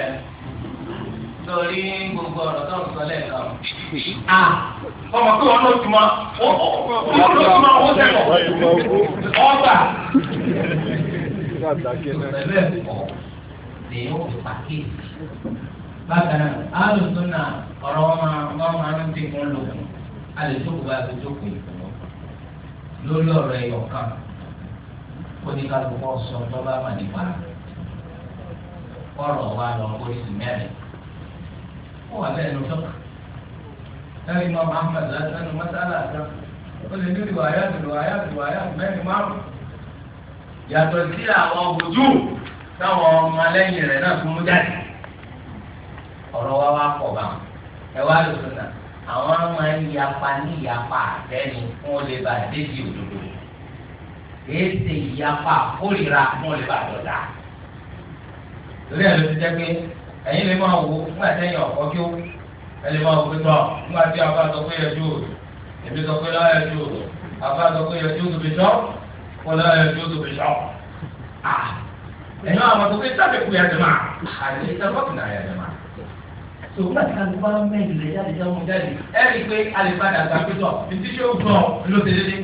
lórí gbogbo ọ̀rọ̀ tó ń sọ lẹ́ẹ̀kan. a ọmọ pé wọn ló túmọ̀ wọn ló túmọ̀ owó sẹ́wọ̀ ọgbà. bẹ́ẹ̀ kọ́ lèyìn ò pàkíyèsí bákan náà alùsùn náà ọ̀rọ̀ wọn máa wọn máa ń dín kún lòkùn alùsùn bá ti jókòó ìfọwọ́ lórí ọ̀rọ̀ ẹ̀yọ̀ kan oníkàlùkọ́ sọ tọ́ba mà nípa ọ̀rọ̀ wa lọ oríṣi mẹ́rin ó wà lẹ́nu tọ́ka lẹ́yìn mọ́ Muhammad lásán mọ́sálà kan ó lè ní ìwàyà ìwàyà ìwàyà mẹ́rin márùn yàtọ̀ sí àwọn ojú táwọn ọmọ lẹ́yìn rẹ̀ náà fún mú jáde ọ̀rọ̀ wa wá pọ̀ bá ẹ wá lò sùn náà àwọn máa ń yapa ní ìyapa àtẹ́ni fún olè bá débi òdodo kìí ṣe ìyapa kórìíra fún olè bá dọ̀dà torí ẹ̀ ló ti jẹ́ pé ẹ̀yin lè máa wo fún àtẹ́yìn ọ̀kọ́ kí ó ẹ lè máa wo pé tọ́ fún àti àbá sọ pé ẹjú òòrùn èmi sọ pé lọ́wọ́ ẹjú òòrùn àbá sọ pé ẹjú òòrùn bìṣọ́ wọ́n lọ́wọ́ ẹjú òòrùn bìṣọ́ ẹ̀yin àwọn ọmọ tó pé sábẹ̀ kú yà máa àyè ìtàlọ́kùnrin àyà jẹ̀ máa so nígbà tí kálukú bá mẹ́rin rẹ̀ jáde jáde wọn jáde ẹ rí i pé alìpadà gbà pé tọ̀ ètí ṣé ó gbọ̀n ló ti dédé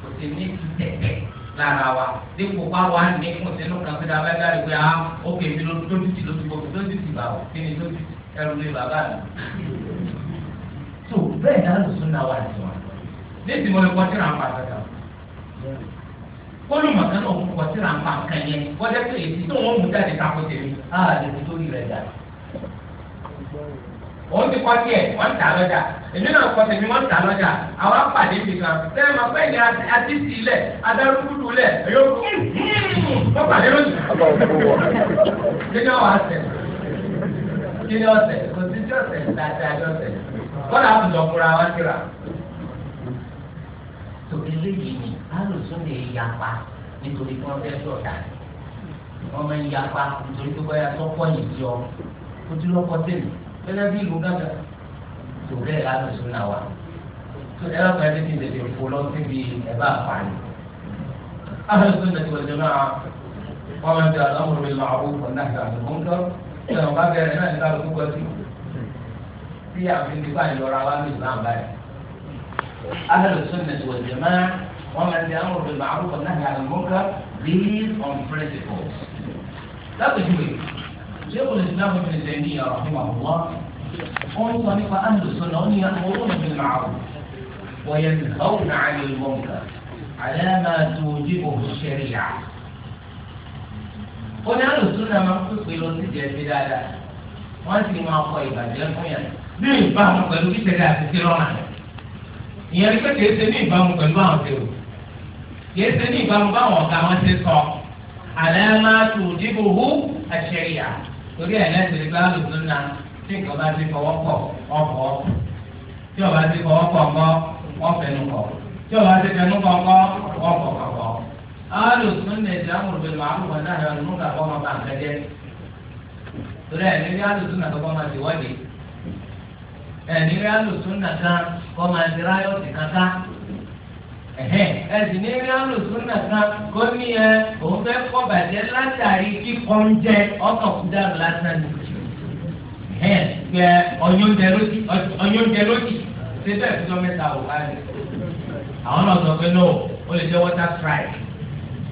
kò sì ní ti tẹ̀tẹ̀ lára wa dípò bá wà ní kò sínú kan pé dábàá jáde pé ah ókè mi ló dúdú ló ti bọ̀ ló ti ti bà ó kí ni ló ti ẹrù lé bàbá mi. so bẹ́ẹ̀ náà ló sún náà wà ní wọn ní ti mo lè kọ́ síra ń pa àtàkà kólú màkánná òun kọ́ síra ń pa nǹkan yẹn kọ́jà tó tó wọ́n mú jáde tako tèmi ah lè fi tó rí rẹ̀ jáde òun ti kọ́ tiẹ̀ wọ́n ń tà lọ́jà èmi náà kọ́ tèmi wọ́n ń tà lọ́jà àwọn apàdé mi kan sẹ́yìn máa fẹ́ ní àtìsí lẹ̀ adarúgbùdù lẹ̀ èyí ó kọ́ pàdé lónìí. kí ni ọ̀sẹ̀ kí ni ọ̀sẹ̀ kò sí tí ọ̀sẹ̀ dáadáa lọ́sẹ̀ kọ́lá àbùdọ̀ fúnra wá síra. tòkè léyìí ni alùsùn lè yapa nítorí pé wọ́n fẹ́ sọ̀dà wọ́n máa ń yapa nítorí pé wọ́n yà sọ́kọ́ yìí mo ti lọ́kọ tèmi gẹ́gẹ́ bí ìlú gàdà tó bẹ́ẹ̀ láti sún náà wà tó ẹ lọ́kọ ẹni tí tètè fò lọ síbi ẹ̀bá àpárí. ahlu sunnati wal jamaa wọ́n máa ń tẹ al-amru bil ma'ruf wan nahyi 'anil munkar kí wọ́n bá bẹ̀rẹ̀ náà nípa lóko sí tí àfihàn nípa ìlọra wa ní ìlànà báyìí. ahlu sunnati wal jamaa wọ́n máa ń tẹ al-amru bil ma'ruf wan nahyi 'anil munkar based on principles. lápèjúwe شيخ الإسلام ابن تيمية رحمه الله قلت نفى أهل السنة يأمرون بالمعروف وينهون عن المنكر على ما توجبه الشريعة wọ́n ní alùsùnà máa ń pèpè lọ sí jẹ̀bi dáadáa wọ́n sì máa kọ ìbàjẹ́ fún yàn ní ìbámu pẹ̀lú bí tẹ̀lé àtẹ̀tẹ̀ lọ́nà ìyẹn ní pé kìí ṣe ní ìbámu pẹ̀lú àwọn tèrò kìí ṣe ní ìbámu báwọn ọ̀gá wọn ti sọ àlẹ́ máa tù dìbò hu àṣẹyà torí ẹ̀ lẹ́sìn ní báàlù tó nà tí nǹkan bá ti fọwọ́ pọ̀ ọkọ̀ tí ọba ti fọwọ́ pọ̀ kọ́ ọ̀fẹ́nu kọ̀ tí ọba ti fẹnu kọ́ kọ́ ọkọ̀ kọ̀kọ̀. báàlù tó nà ìdí amòròbè màálù wọn náà yọ nínú kàkọ́ ọmọ bá nǹkan torí ẹ̀ ní báàlù tó nà kọ́kọ́ máa ti wọ́de ẹ̀ ní báàlù tó nà kan kọ́ máa ti ráyọ̀tì ẹsìn ní rí alùsùn nàkan kó ní ẹ òun fẹ́ kọ́ bàjẹ́ látàrí kíkọ́ ń jẹ ọkàn kúdàrú lásán ni ẹ ọyọ́njẹ lójì ṣé bẹ́ẹ̀ fi lọ mẹ́ta wò wá rẹ̀ àwọn náà sọ pé no ó lè jẹ́ water strike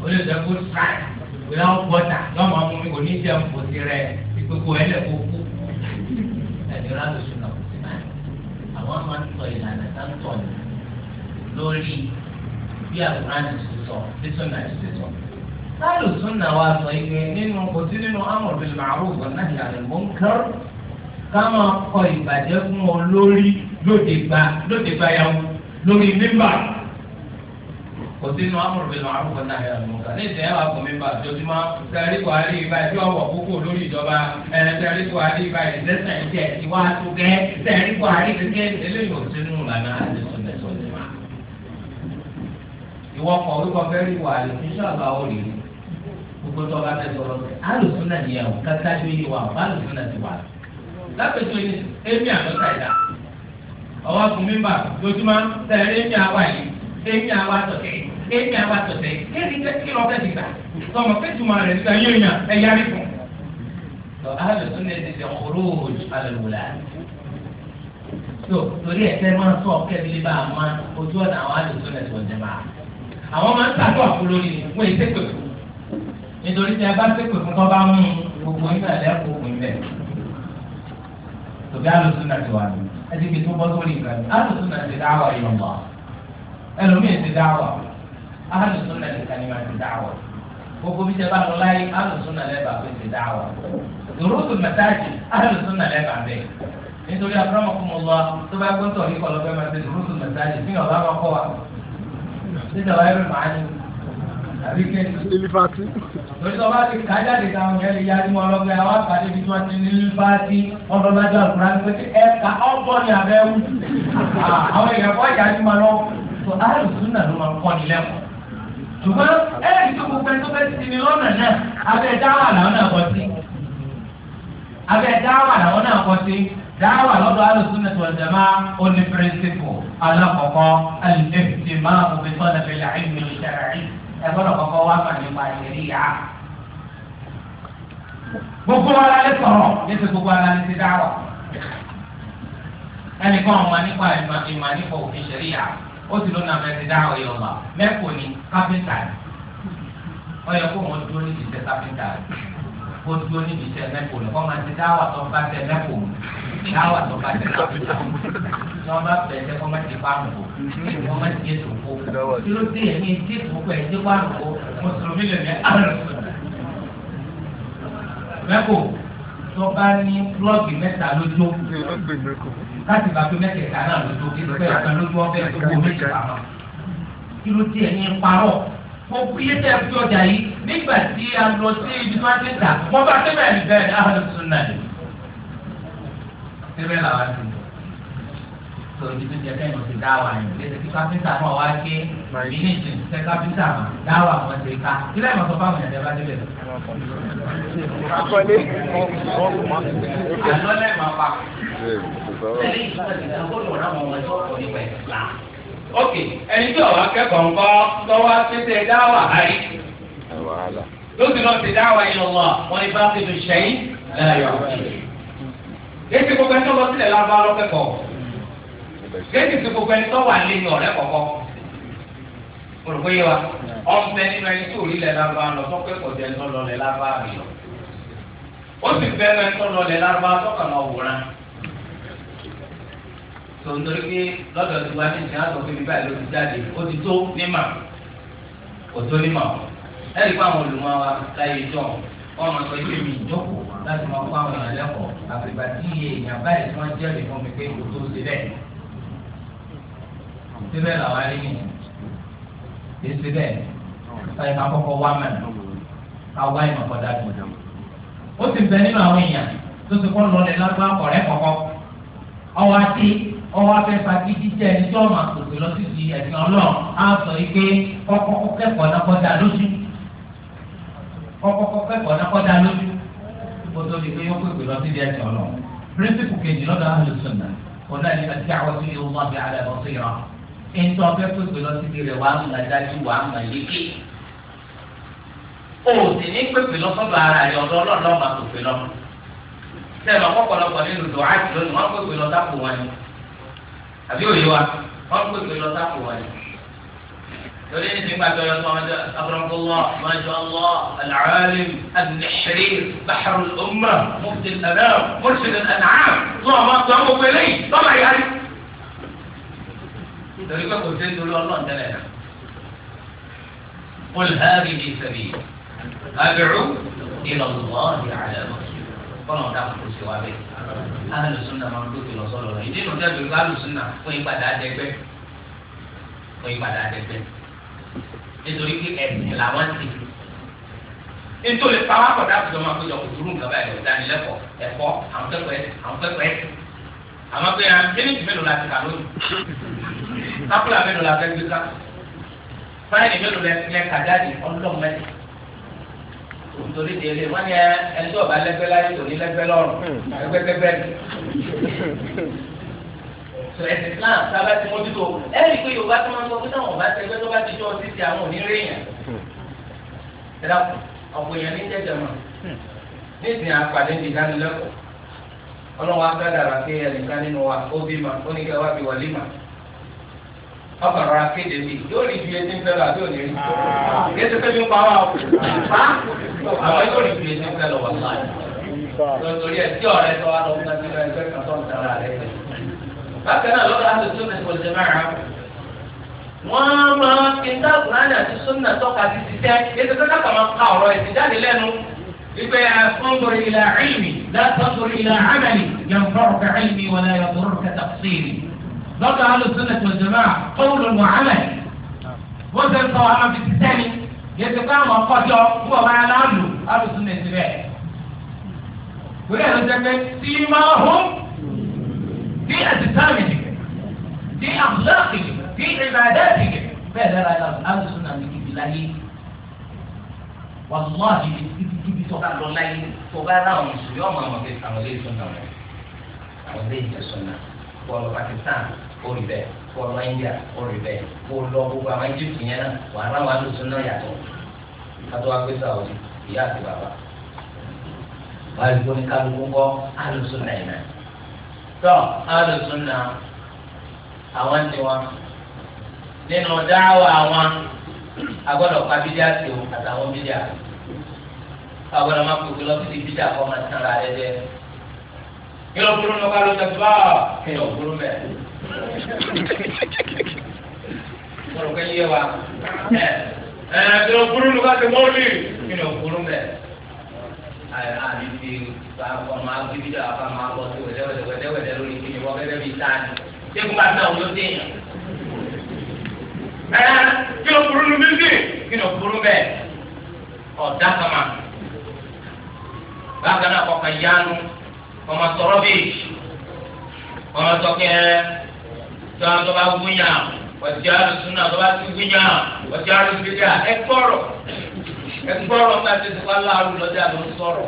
ó lè jẹ́ food strike without water lọ́mọ ọmọ mi kò ní jẹun kò sí rẹ̀ ìgbéko ẹ̀ lẹ̀ kó kú ẹ̀dẹ̀ rẹ̀ alùsùn náà àwọn máa ń tọ ìlànà tá ń tọ̀ lórí bí àkùránì ti sọ bí súnà ti sọ. sáàlù súnà wa sọ ike nínú kò sí nínú amru bil ma'ruf wa nahyi 'anil munkar ká máa kọ ìbàjẹ́ fún ọ lórí lóde gba lóde gbayàwó lórí mímbà kò sí nínú amru bil ma'ruf wa nahyi 'anil munkar ní ìsẹ̀yìn wa kò mímbà jọjúmọ́ sẹ́rí kò àrí ibà tí wọ́n wọ̀ kókó lórí ìjọba sẹ́rí kò àrí ibà ìdẹ́sẹ̀ ìjẹ́ ìwà àtúgẹ́ sẹ́rí kò àrí kékeré ìwọ kan orúkọ fẹ́ẹ́ rí wàhálì inṣàlá ó rí gbogbo tó bá fẹ́ sọ̀rọ̀ bẹ́ẹ̀ alùsùn náà nìyẹn o kàkà tó yé wa alùsùn náà ti wà lápẹ̀tọ́ yìí èmi àtọ́ta ìdá ọwọ́ fún mi bà lójúmọ́ tẹ̀lé èmi àwa yìí èmi àwa tọ̀tẹ̀ èmi àwa tọ̀tẹ̀ kéèdì kí lọ fẹ́ ti gbà tọmọ pẹ̀tùmọ̀ rẹ̀ nígbà yóò yàn ẹ̀yà rí fún. alùsùn náà ti sẹ́ kúròòjù alùwùlà tó torí ẹ̀sẹ̀ máa sọ kẹ́bílí bá a máa ojú ọ̀nà àwọn alùsùn náà ti wọ̀ àwọn máa ń tàdó àpolo ni wọ́n èsè pè fún nítorí tí a bá sèpè fún tó bá mú gbogbo iná ẹ̀lẹ́kùn òkùn bẹ̀ tòbí alùsùn náà ti wà ní ẹtì fi tó bọ́ sórí ìgbà ní alùsùn náà ti dáwà yọ̀ wá ẹlòmíì ti dáwà alùsùn náà ti kàní máa ti dáwà gbogbo bí sẹ́ bá lọ láyé alùsùn náà lẹ́bàá pé ti dáwà dòrótò mẹ́tàjì alùsùn náà lẹ́bàá bẹ́ẹ̀ nítorí abúlé ọmọkùnrin lọ tó bá gbọ́dọ̀ rí kọlọ́fẹ́ máa ti dòrótò mẹ́tàjì fi hàn máa kọ́ wa ilifati. lóṣìṣẹ́ bá ti ká jáde táwọn yẹn lè yarí mọ́ ọlọ́gbẹ́ àwọn àkàdé bí wọ́n ti ní ilifati ọlọ́lájọ́ àkùrá ní pété ẹ̀ka ọgbọ́n ni abẹ́ wù. àwọn èèyàn kọ́ yarí mọ́ lọ tó àrùn súnà ló máa ń kọ́ ni lẹ́kọ̀ọ́. ṣùgbọ́n ẹ̀ẹ́dì tó gbogbo ẹni tó fẹ́ ti ní lọ́nà náà abẹ́ dáwà làwọn náà kọ́ sí. abẹ́ dáwà làwọn náà kọ́ sí dáwà lọ́dọ̀ alùsùn ẹ̀tọ́ ìjàmá ó ní píríncípù alákọ̀ọ́kọ́ alìlẹ́fìtì máa mú mi tọ́lẹ̀ fi là ń mìíràn ṣẹ̀rẹ̀ ẹ gbọ́dọ̀ kọ́kọ́ wá mà nípa ìrírí yá. gbogbo ara lè sọ̀rọ̀ nítorí gbogbo ara lè ti dáwà. ẹnìkan ọ̀ma nípa ìmọ̀ nípa òfin ṣẹ̀rí yá ó sì lónà mẹ́ ti dáwà mẹ́kò ní kápẹ́ntà kó dúró níbi tẹ mẹ́kò lẹ̀ kọ́ máa ti dáwà tó bá tẹ mẹ́kò mu dáwà tó bá tẹ mẹ́kò mu lọ́ bá fẹ̀ ẹ́ kọ́ máa ti pa àmùkò kọ́ máa ti yé tòkó kí ló dé ẹ̀mí tí tòkó ẹ̀ dé pa àmùkò mùsùlùmí lè mẹ́ mẹ́kò tó bá ní blọọgì mẹ́ta lójó láti bá tó mẹ́tẹ̀ẹ̀ta náà lójó kí ló fẹ́ ọ̀kan lójó ọ̀fẹ́ òkúlé tẹ̀ fi ọjà yìí nígbà tí a lọ sí ibi tó ń ti tà wọ́n bá tẹ́lẹ̀ rí bẹ́ẹ̀ ní ahọ́n tuntun náà ni. tẹ́lẹ̀ làwọn ti sọ ibi tó jẹ kẹ́yìn ti dá wà yìí lẹ́sẹ̀ kí káfíńtà náà wá ké ìní ìsìn tẹ káfíńtà mà dá wà wọ́n ti ká ilé ìmọ̀ sọ fáwọn ìyàdẹ́ bá débẹ̀. akọ́lé àlọ́ lẹ́ẹ̀ máa pa ok ẹni tí ọ̀wá kẹ́kọ̀ọ́ ń kọ́ lọ́wọ́ pété dáwà àrí. lóṣù náà ti dáwà yẹn wọ̀ wọ́n ní bá ti lu sẹ́yìn láyọ̀ èsì gbogbo ẹni tó lọ sílẹ̀ lábá lọ́kẹ́kọ̀ọ́ èsì ti gbogbo ẹni tó wà lẹ́yìn ọ̀rẹ́ kọ̀kọ́ olùkọ́ yẹ wa ọ̀nbẹ nínú ẹni tó rí lẹ̀ lábá lọ tọ́kẹ́kọ̀ọ́ jẹ́ ẹni tó lọ lẹ̀ lábá rẹ̀ lọ ó sì fẹ́ ẹni tó lọ lẹ̀ lábá tọ́kàn lọ wòran tòǹtòrí pé lọ́dọ̀ tí wàá ní ìsìn àtọ̀ fún mi báyìí ló ti jáde ó ti tó nímà kò tó nímà o ẹ̀rí pé àwọn olùmọ̀ wa láyé jọ wọn máa sọ ibi mi ìjókòó láti máa kó àwọn èèyàn lẹ́kọ̀ọ́ àfìgbà tí iye èèyàn báyìí tí wọ́n jẹ́rìí fún mi pé kò tó ṣe bẹ́ẹ̀ ṣe bẹ́ẹ̀ làwọn arí nìyẹn kì í ṣe bẹ́ẹ̀ ọ̀yẹ máa kọ́kọ́ wá mẹ́rin àwa ìmọ̀ kọ́dá gbọ̀dọ̀ ó ti bẹ nínú àwọn èèyàn tó ti kọ́ lọ́lẹ̀ ọwọ́ afẹ́ fagídí jẹ́ ẹni tó ọmọ àpòtò lọ sí ti ẹ̀sìn ọlọ́run á sọ pé kọ́kọ́kọ́ kẹ́kọ̀ọ́ náà kọ́ da lójú kọ́kọ́kọ́ kẹ́kọ̀ọ́ náà kọ́ da lójú kó tó di pé yóò pèpè lọ sí ti ẹ̀sìn ọlọ́run píríncípù kejì lọ́dọ̀ àlùsùnà ọ̀nà ni àti àwọn tí yóò máa fi àlẹ́ lọ sí ìran ẹni tó ọfẹ́ pèpè lọ sí ti rẹ̀ wàá mú adájú wàá mú ẹ̀yẹ́kẹ́ sẹ́nu ọ̀pọ̀lọpọ̀ nínú dùn áàtì lónìí wọ́n pèpè lọ dápò wọn ni àbí òye wa wọn lórí ní ti pàtó ọlọpàá ọmọdé abúlọpàá pé lọ tó ọmọ pẹlẹ lọmọ ayárí. lórí pé wọn ni lórí ní sinmi àti ọyọ tó wọn jẹ akọrọmọlọ mọjọlọ alaalim anihiri baharul umma mufti anam mursil anam lọ ma tó àwọn òpèlè yìí lọ́ba yàrá lórí pé kò sí nítorí ọlọ́run tẹ́lẹ̀ won قل هذه سبيل أدعو إلى الله على بصيرة kọ́nà ọ̀dà kò ṣe wá bẹ́ẹ̀. alùsùn náà máa ń dókè lọ sọ́dọ̀ rẹ̀ ìdí ìlú dẹ́bi ìlú alùsùn náà fún ìpadà àdẹ́gbẹ́ fún ìpadà àdẹ́gbẹ́ nítorí pé ẹ̀sìn làwọn ti nítorí pàwọn akọ̀dà àti ọmọ àkójọ kò dúró nǹkan báyìí ìdánilẹ́kọ̀ọ́ ẹ̀kọ́ àwọn kẹ́kọ̀ọ́ ẹ̀sìn àwọn kẹ́kọ̀ọ́ ẹ̀sìn àwọn pé ẹran ah, kíníkì mélòó la ti kà lónìí sápúlà mélòó la fẹ́ gbé ká fáìlì mélòó lẹ kà jáde nítorí di ẹlẹ wọn hmm. ni ẹni tó ọba lẹgbẹ láyé tó ní lẹgbẹ lọ́rùn ẹgbẹgbẹgbẹ sọ ẹsẹ Islam sábà ti mójútó ẹrí pé Yorùbá tó máa ń sọ pé táwọn ọba tẹgbẹ tó bá ti jọ títí àwọn onírèèyàn hmm. ẹ̀dá ọ̀pọ̀ èèyàn ní jẹjẹ mọ hmm. ní ìsìn àpàdé ti dánilẹ́kọ̀ọ́ ọlọ́wọ́ agbádàrà pé ẹnìkan nínú wa ó bí ma ó ní kẹ́ wá bí wàlí ma ọkọ̀rọ̀ akéde bíi yóò rí ju etí ń fẹ́ lọ àbí òní rí yéé ah. tó fẹ́ mi pa wá o ah. àwọn ẹgbẹ́ òrìkì lè ti fẹ́ lọ wà láàyè lórí ẹ̀ tí ọ̀rẹ́ tó wà lọ fún ẹgbẹ́ ẹgbẹ́ kan tó ń tara rẹ̀ jẹ. bákan náà lọ́dọ̀ àti sunna kò lè máa wọ́n máa fi dáàbòrán àti sunna tọ́ka ti ti tẹ́ ètò tó dákà máa ka ọ̀rọ̀ ẹ̀sìn jáde lẹ́nu wípé fọ́nbọ̀rì ilà ilmi látọ̀bọ̀rì ilà amali yanfa'uka ilmi wala yadurruka tafsiri lọ́dọ̀ àti sunna kò lè máa kọ́wùlù muhammed wọ́n fẹ́ sọ àwọn fi ti tẹ́ni. yẹtù káwọn kọjọ nígbà wọn aláàlú alùsùn lè ti bẹ torí ẹ ló jẹ pé tí máa hó tí àtìsáàmì nìkẹ tí àbúláàkì nìkẹ tí ìbàdàn nìkẹ bẹ́ẹ̀ lára alùsùn náà ní ibi láyé wàlúwàlú ibi kíbi tó bá lọ láyé tó bá ráwọn mùsùlùmí ọmọ àwọn ọmọdé àwọn ilé ìsọ̀nà àwọn ilé ìjẹsọ̀nà wọ Pakistan ó rí bẹ́ẹ̀ kó ọmọ india ó rí bẹ́ẹ̀ kó lọ gbogbo àwọn egypt yẹn náà wà á ráwọn alùsùn náà yàtọ̀ kátó wá gbé sàwọ́dì ìyá àti bàbá wà á rí bóni kálukú kọ́ alùsùn náà yìí náà tọ́ alùsùn náà àwọn ti wọn nínú dáhùn àwọn agbọ́dọ̀ pa bídíà sí o àtàwọn bídíà agbọ́dọ̀ máa kó kí lọ́sídìí bídíà kọ́ máa tán ra rẹ jẹ yóò burú nípa lóṣù tó bá yóò burú bẹ́ẹ̀. Mọ̀rọ̀ kẹ́ yé wa. Ẹ ẹ kìlọ̀ burú ló bá ti mọ́ lì. Kìlọ̀ burú mẹ́. Àbí fi ọmọ agbébídọ̀ afa máa bọ̀ sí wẹ̀dẹ́wẹ̀dẹ́wẹ̀dẹ́ lórí kí ni wọ́n fẹ́ bí sáà ni. Ṣé kó bá náà ló dé yàn? Ẹ kìlọ̀ burú ló bí sí. Kìlọ̀ burú mẹ́. Ọ̀dà kama. Bákan náà kọ̀ọ̀kan yánu. Ọmọ sọ̀rọ̀ bíi. Ọmọ sọ̀kẹ́ tó a tó bá gbóyà ọ̀tí àlùsùn náà tó bá ti gbóyà ọ̀tí àlùsùn bíbí à ẹ gbọ́rọ̀ ẹ gbọ́rọ̀ nígbà tí wọ́n láàrú lọ́jà ló ń sọ̀rọ̀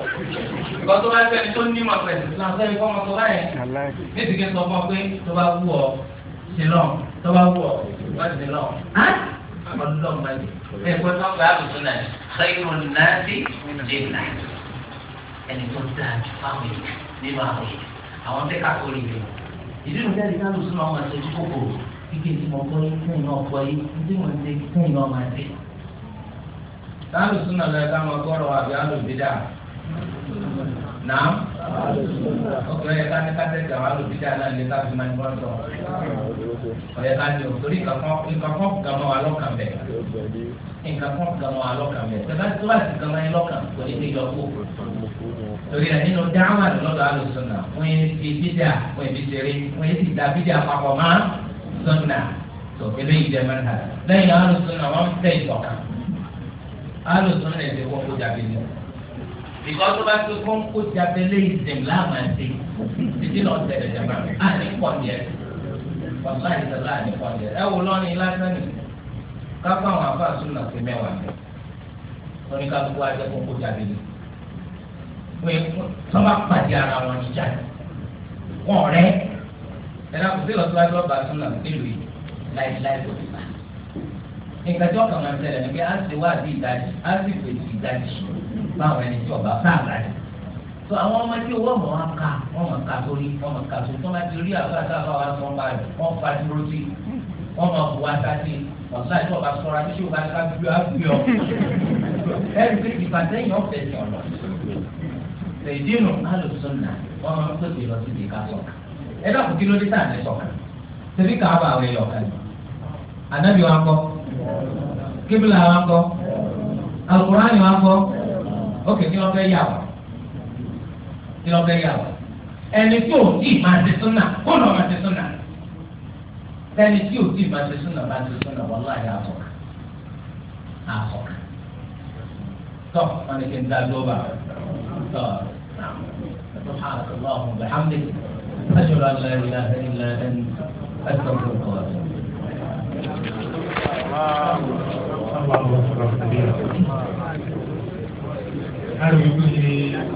ìgbọ́n tó bá tẹ̀lé tó ní mọ̀ pẹ̀lú làwọn ẹ̀kọ́ ọmọ tó báyẹn ní ti ké sọ fún ọ pé tó bá wù ọ sí lọ tó bá wù ọ wá sí lọ ọlọ́run ẹ̀kọ́ tó ń gba àlùsùn náà xeyìrò náà nínú àwọn ìdí ìlú tẹ́lẹ̀ ká ló sún ọmọ ẹ̀sẹ̀ tó kò kíkẹ́ tí mo kọ́ yín fún ìná ọkọ yín tí mo ń ṣe fún ìná ọmọ ẹ̀sẹ̀. sáàlù sún ọ̀nà ẹ̀ka máa gbọ́rọ̀ àbí alùbídà náà ọkùnrin ẹ̀ka ní kátẹ́tì àwọn alùbídà náà lè ká fi máa ń gbọ́ sọ. ọ̀yẹ̀ ká ní òtórí nǹkan kan gàmọ́ wa lọ́kàn bẹ̀ nǹkan kan gàmọ́ wa lọ́kàn bẹ̀ tẹ́lá bá ti gàmọ́ yín lọ́kàn kò torí ẹ nínú dáhùn lọ́dọ̀ àlùsọ̀nà wọ́n yẹn fi bídà wọ́n yẹn fi ṣeré wọ́n yẹn ti da bídà papọ̀ mọ́ sọ̀nà tó eléyìí jẹ́ mẹ́ta lẹ́yìn àlùsọ̀nà wọ́n tẹ̀ ìtọ̀kan àlùsọ̀nà ẹ̀ ti wọ́n kó jáde lọ. ìkọ́ tó bá tó fún kó jáde léyìí dèm láàmà dé títí lọ tẹ̀lé jàmbá a ní pọ̀nìyẹ wàlá ìtẹ̀lá ní pọ̀nìyẹ ẹ wò lọ́ni lásán ni káfáwọn afáàsùn náà ti wọ́n bá pàdé ara wọn jíjà wọn ọ̀rẹ́ ẹ̀rọ kò sí ìlọsíwájú ọba tún náà nílùú yìí láìláì kò sí bá nǹkan tí ọkàn máa ń tẹ̀lé ni pé á ti wá àti ìdájì á sì pèsè ìdájì báwọn ẹni tí ọba fún àgbáyé tó àwọn ọmọ tí owó ọmọ wọn kà wọn mọ ká sórí wọn mọ ká sórí tó máa ti rí àwọn àtàwọn àwọn àwọn ọmọ rẹ wọn fa dúró sí wọn mọ bu ata sí ọ̀sán tí ọba sọra tí ṣé ọba ká gbé ọ ẹni pé ìfàsẹ́yìn ọ̀fẹ́ ni ọ̀nà fèdínù alùsùnà wọn máa ń tóbi lọ síbi ká sọkà ẹ dàpọ̀ kí ló dé tá à ní sọkà tẹ̀lé káàbà àwọn èèyàn kan ànábì wa kọ́ kíbìlà wa kọ́ alukurani wa kọ́ ókè kí wọ́n fẹ́ yà wá kí wọ́n fẹ́ yà wá ẹni tí ò tí ì máa ti súnà kó lọ́ọ́ máa ti súnà ẹni tí ò tí ì máa ti súnà máa ti súnà wọ́n láàyè àtọ̀kà àtọ̀kà tọ́ wọn ni kí n dá lóba tọ́. سبحانك اللهم وبحمدك أشهد أن لا إله إلا أنت أستغفرك الله الله صل الله سيدنا